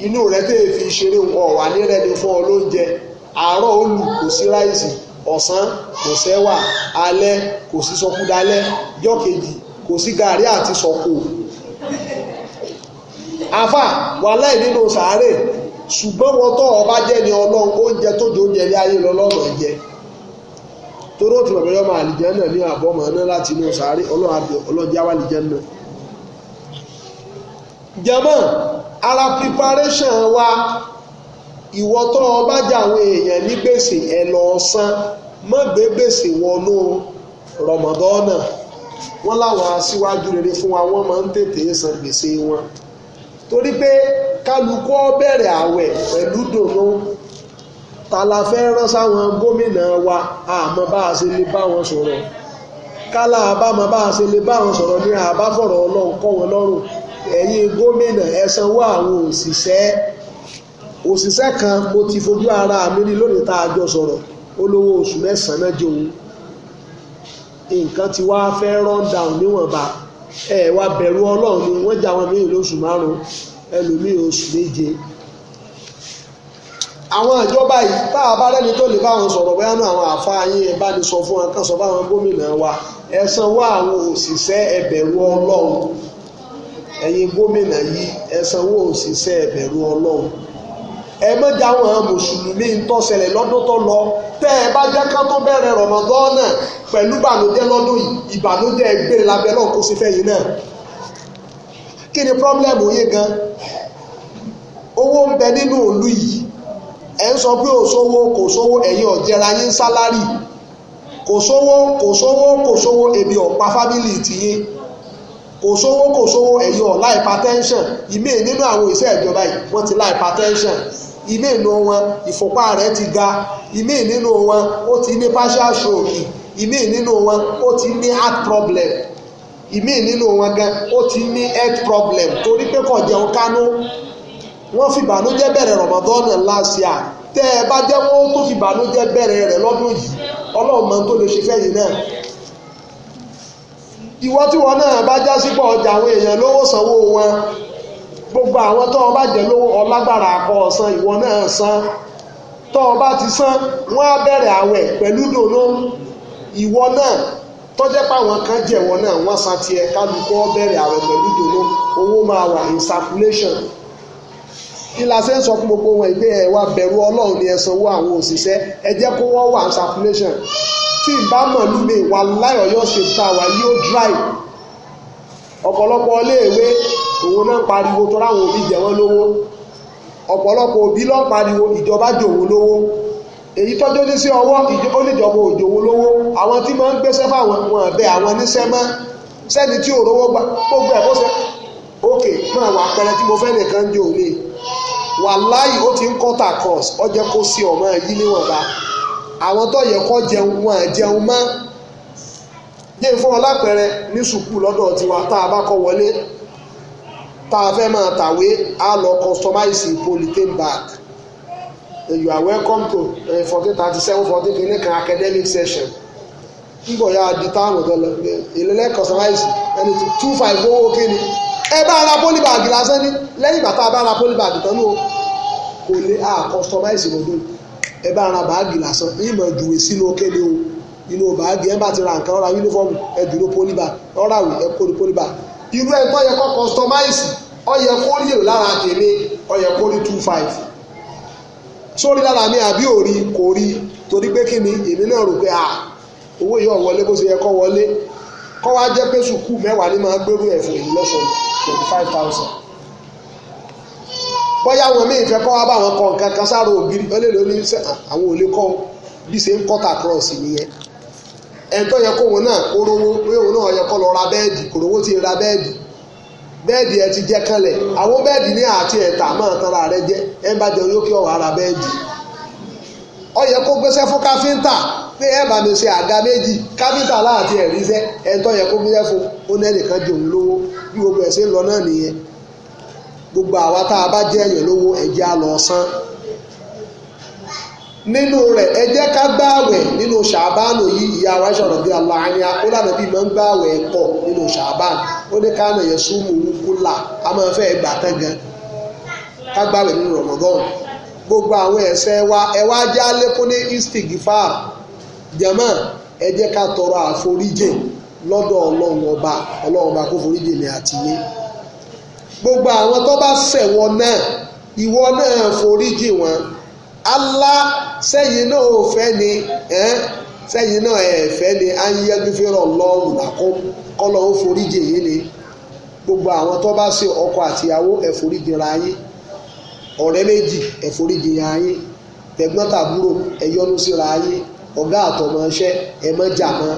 inú rẹ̀ tẹ́ fi ṣeré ọ̀wà ní rẹ̀ ní fún ọ lóúnjẹ àárọ̀ olù kò sí ráìsì ọ̀sán kò sẹ́wà alẹ́ kò sí sọkúdalẹ́ jọ́kejì kò sí gàrí àti sọ̀kò afa wàhálà nínú sàárè ṣùgbọ́n wọn tọ́ ọba jẹ́ ni ọlọ́run oúnjẹ tó jẹ oúnjẹ ní ayé lọ́lọ́run ẹ̀jẹ̀ torí ó àlìjẹ́ náà ní àbọ̀mọ̀ náà láti inú sàárè ọlọ́run àbẹ̀ ọlọ́run jáwá àlìjẹ́ náà jẹ́mọ́ ara preparation wa ìwọ tó o bá jà àwọn èèyàn ní gbèsè ẹ lọ san má gbé gbèsè wọnú rọmọdọ́nà wọ́n láwọn aṣíwájú rere fún wa wọ́n máa ń tètè san gbèsè wọn torí pé kálukú ó bẹ̀rẹ̀ àwẹ̀ pẹ̀lú dùnú ta la fẹ́ rán sáwọn gómìnà wa àmọ́ bá a ṣe lè bá wọn sọ̀rọ̀ kálá àbámọ́ bá a ṣe lè bá wọn sọ̀rọ̀ ní àbáfọ̀rọ̀ ọlọ́run kọ́ wọn lọ́rùn ẹ̀yin gómìnà ẹ sanwó àwọn òṣìṣẹ́ òṣìṣẹ́ kan mo ti fojú ara mi rí lónìí tá a jọ sọ̀rọ̀ olówó oṣù mẹ́sàn-án náà jẹ òun nǹkan ti wá fẹ́ run down níwọ̀nba ẹ wá bẹ̀rù ọlọ́run ni wọ́n jà wọn míì lóṣù márùn-ún ẹlòmíì oṣù méje àwọn ìjọba yìí tá a bá rẹ́ni tó lè báwọn sọ̀rọ̀ bóyá náà àwọn àáfàá yín ẹ bá ní sọ fún wọn kàn sọ fáwọn gómìnà wa ẹ sanwó àwọn òṣìṣẹ́ ẹ bẹ̀rù ọlọ́run ẹ̀yin gómìnà yìí ẹ sanwó òṣìṣẹ́ ẹ̀bẹ̀rù ọlọ́run ẹ mọ́jà wọn mùsùlùmí ń tó ṣẹlẹ̀ lọ́dún tó lọ tẹ́ ẹ bá jẹ́ ká tó bẹ̀rẹ̀ rọ̀mọ́dán náà pẹ̀lú ìbànújẹ́ lọ́dún yìí ìbànújẹ́ ẹgbẹ́rẹ́ labẹ́ náà kó sí fẹ́yìn náà kí ni pọ́blẹ́mù yé gan owó ń bẹ nínú òlu yìí ẹ ń sọ pé ò sówó kò sówó ẹ̀yin ọ̀jẹ̀ra yín sálárì kò sówó kò sówó kò sówó èmi ọ̀pá fámìlì tìyín kò sówó kò sówó ẹ̀yìn ọ̀ hypertension ìmí nínú àwọn iṣẹ́ ìjọba yìí wọ́n ti hypertension ìmí nínú wọn ìfúnpá rẹ̀ ti ga ìmí nínú wọn ó ti ní partial stroke ìmí nínú wọn ó ti ní heart problem ìmí nínú wọn gan ó ti ní health problem torí pé kò jẹun kánú wọ́n fi ìbànújẹ́ bẹ̀rẹ̀ Ramadan last year tẹ́ ẹ bá jẹ́ wọ́n tó fi ìbànújẹ́ bẹ̀rẹ̀ rẹ̀ lọ́dún yìí ọlọ́run mọ̀ tó lè ṣe fẹ́yìn náà ìwọ tí wọn náà bá já sípò ọjà àwọn èèyàn lówó sanwó wọn gbogbo àwọn tó wọn bá jẹ lówó ọlágbára akọ ọsán ìwọ náà san tó wọn bá ti san wọn á bẹ̀rẹ̀ àwẹ̀ pẹ̀lú dòdò ìwọ náà tọ́jẹ́ páwọn kan jẹ̀wọ́ náà wọ́n san tiẹ̀ kálukú ọ bẹ̀rẹ̀ àwẹ̀ pẹ̀lú dòdò owó máa wà in circulation ìlàsẹ̀ ń sọ fún gbogbo wọn ìgbé ẹ̀ wá bẹ̀rù ọlọ́run ni ẹ sanwó àwọn òṣìṣẹ́ ẹ jẹ́ kó wọ́n wà circulation tí ìbá mọ̀lú mi wà láyọ̀ ṣe tá wà yóò dry ọ̀pọ̀lọpọ̀ iléèwé òun náà pariwo tó ráwọn òbí jẹ wọ́n lówó ọ̀pọ̀lọpọ̀ òbí lọ́ọ́ pariwo ìjọba jòwó lówó èyí tọ́jú ní sí ọwọ́ oníjọba òjòwó lówó àwọn tí máa ń gbéṣẹ́ fáwọn wọn àbẹ àwọn oníṣẹ́ mọ́ sẹ́ni tí ò gbà gbogbo ẹ̀ bó ṣe ok máa wà pẹrẹ tí mo fẹ́ nìkan jò ní wàláì ó ti ń kọ́tà cross ọjọ́ kó sí ọmọ yìí níwọ̀nba àwọn tó yẹ kó jẹun wọn à jẹun mọ́ jẹ́ fún ọ lápẹẹrẹ ní sùkúù lọ́dọ̀ tiwa tá a bá kọ́ wọlé tá a fẹ́ máa tàwé a lọ customize polythene bag you are welcome to eh, fourteen thirty seven fourteen kìíní kan academic session ń bọ̀ yá di táwọn ọ̀dọ́ lọ ilé eh, lẹ́kọ̀ọ́ customize ẹni two five owó kìíní ẹ bá ara pólíbàgì lásán ní lẹ́yìn ìgbà tá a bá ara pólíbàgì tán ní o kò lè a customize lọ́dún ẹ bá ara bàágì lásán ìmọ̀ ìdùwẹ̀ sínú kéde o inú bàágì ẹ bá ti ra nǹkan ọ̀ra yúnífọ́ọ̀mù ẹ dùn ní pólíbàgì ọ̀ra àwìn ẹ kó ní pólíbàgì irú ẹ̀ tó yẹ kó customize ọ yẹ kó rí èrò lára tèmi ọ yẹ kó rí two five sórí lára mi àbí òrí kò rí torí pé kí ni èmi náà rò pé à owó yìí ò wọlé bó ṣe yẹ kó wọlé kọwa jẹ pé sùkúù mẹwàá ní máa gbérú ẹ̀ fún ìlọ́sọ̀rọ̀ twenty five thousand bóyá àwọn míì fẹ́ kọ́ wá bá kọ nǹkan kan sára ògiri ó lè àwọn ò lè kọ́ bí ṣe ń kọ́tà cross nìyẹn ẹ̀ńtọ́ yẹ kó náà ẹ ti jẹ́ àwọn bẹ́ẹ̀dì ní àti ẹ̀ta máa tara rẹ jẹ́ ẹ bá jẹun yókè ọ̀wà ara bẹ́ẹ̀dì pé ẹ bá mi ṣe àga méjì kápítà láti ẹ̀rí iṣẹ́ ẹ̀ tọ́ yẹ kó fi fún gbogbo ẹ̀ ṣe ń lọ náà nìyẹn gbogbo àwa tá a bá jẹ́ lówó ẹ̀jẹ̀ á lọ san nínú rẹ̀ ẹ ká gbààwẹ̀ nínú ṣàbánù yìí ìyá wa ṣọ̀rọ̀ máa ń gbààwẹ̀ pọ̀ nínú ṣàbánù ó ní ká máa fẹ́ gbà ká gbààwẹ̀ nínú rọ̀mọ̀gán gbogbo àwọn wa jàmá ẹ jẹ́ ká tọrọ àforíjìn lọ́dọ̀ ọlọ́run ọba ọlọ́run ọba kó foríjìn mi àtìyé gbogbo àwọn tó bá ṣẹ̀wọ̀n náà ìwọ náà foríjìn wọn Allah sẹ́yìn náà ò fẹ́ ni sẹ́yìn náà ẹ̀ fẹ́ ni á ń yẹ́jú fẹ́ràn ọlọ́run làkó kọ́lọ́ ó foríjìn yìí ni gbogbo àwọn tó bá ṣe ọkọ àtìyàwó ẹ̀ foríjìn ra yín ọ̀rẹ́ méjì ẹ̀ foríjìn ra yín tẹ̀gbọ́n tàbúrò ẹ̀ yọ́nú síra yín ọ̀gá àtọmọṣẹ́ ẹ mọ́ jà mọ́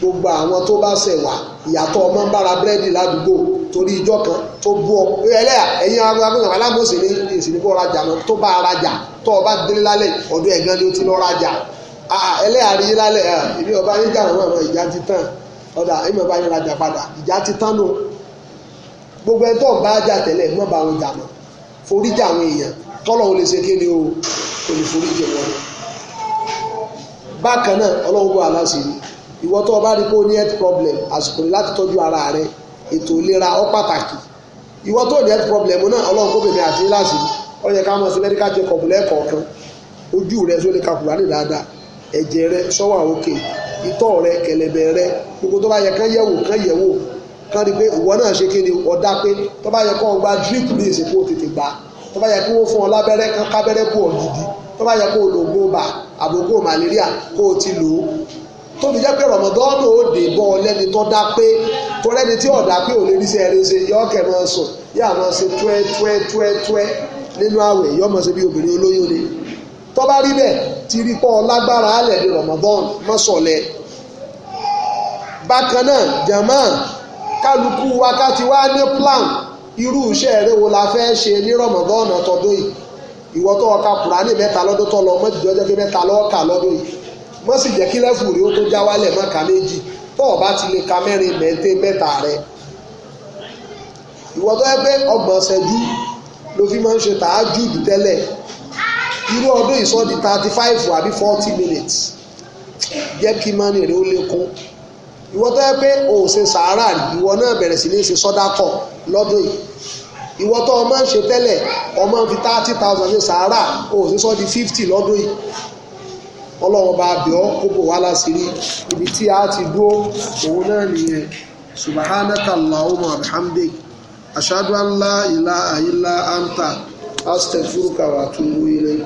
gbogbo àwọn tó bá ṣẹ̀ wá ìyàtọ̀ ọmọ ń bára búrẹ́dì ládùúgbò torí ijọ́ kan tó bú ọ ẹlẹ́yà ẹ̀yin agbóhùn alámọ̀ọ́sì ní ìsìnkú ọ̀rajà mọ́ tó bá arajà tó ọba délé lálẹ́ ọ̀dọ̀ ẹ̀gán ni ó ti lọ rajà ah, ah, ẹlẹ́yà rí lálẹ́ ìbí ah, ọba yín jà náà mọ̀ ìjà ti tàn ọ̀dà ìmọ̀ ọba yín rajà padà ìjà ti tán nù gbogbo ẹ̀ tó bá jà tẹ́lẹ̀ mọ́ bá wọn jà mọ́ foríjà àwọn èèyàn tọ́lọ̀ ò lè ṣe kéde o kò lè foríjì wọn bákan náà ọlọ́run bó aláṣẹ rí ìwọ tó o bá rí pé o ní health problem àsìkò ní láti tọ́jú ara rẹ ètò ìlera ọ pàtàkì ìwọ tó o ní health problem náà ọlọ́run kó bèbè àti láṣẹ rí ó yẹ ká mọ̀ sí medical check up lẹ́ẹ̀kọ̀ọ̀kan ojú rẹ só lè ka kùránì dáadáa ẹ̀jẹ̀ rẹ sọ́wà òkè ìtọ̀ rẹ kẹ̀lẹ̀bẹ̀ rẹ gbogbo tó bá yẹ kán yẹ̀wò kán yẹ̀wò kán rí pé ìwọ náà ṣe kí ni ọ̀dá pé tó bá yẹ kán gba drip ní ìsìnkú tètè gbà tó bá yẹ kí wọ́n fún ọ lábẹ́rẹ́ kán kábẹ́rẹ́ bù ọ gidi tó bá yẹ kó o lò ògbó bà àbògbó màlẹ́ríà kó o ti lò ó tó fi jẹ́ pé rọ̀mọ̀dọ́nù ó dè bọ́ lẹ́ni tó dá pé tó lẹ́ni tí ọ̀dà pé ò lè rí sẹ́ ẹrẹ́ ṣe yọ́ kẹ̀ máa sùn yà máa ṣe tuẹ́ tuẹ́ tuẹ́ tuẹ́ nínú àwẹ̀ yọ́ máa ṣe bí obìnrin olóyún ni tó bá rí bẹ́ẹ̀ ti rí pọ́ lágbára alẹ̀ ní rọ̀mọ̀dọ́nù mọ́sọ̀lẹ̀ bákan náà jàmá kálukú wa ká ti wá ní plan irú iṣẹ́ eré wo la fẹ́ ṣe ní rọ̀mọ̀dọ́nù ọ̀tọ̀dọ́ yìí ìwọ tó ọka kùránì mẹ́ta lọ́dún tó lọ mọ́ ìdíjọ́ jẹ́ pé mẹ́ta lọ́ọ́ kà lọ́dún yìí mọ́ sì jẹ́ kí lẹ́fù rí ó tó já wálẹ̀ mọ́ ká méjì tó o bá ti lè ka mẹ́rin mẹ́tẹ́ mẹ́ta rẹ ìwọ tó yẹ pé ọgbọ̀n ṣẹ́jú ló fi máa ń ṣe tàájúdù tẹ́lẹ̀ irú ọdún ìsọdí thirty five àbí forty minutes jẹ́ kí mọ́nì rẹ ó lékún ìwọ tó yẹ pé o ò ṣe sàárà ìwọ náà bẹ̀rẹ̀ sí ní ṣe sọ́dákọ̀ lọ́dún yìí ìwọ tó ọmọ ń ṣe tẹ́lẹ̀ ọmọ ń fi thirty thousand ṣe sàárà o sì sọ di fifty lọ́dún yìí ọlọ́run bá bẹ̀ ọ́ kó bò wá láṣìírí ibi tí a ti dúró òun náà nìyẹn subhanaka allahumma wa bihamdik ashhadu an la ilaha illa anta astaghfiruka wa atubu ilayk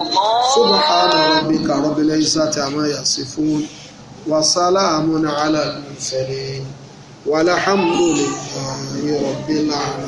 subhana rabbika rabbil izzati amma yasifun wa salamun ala al-mursalin والحمد لله رب العالمين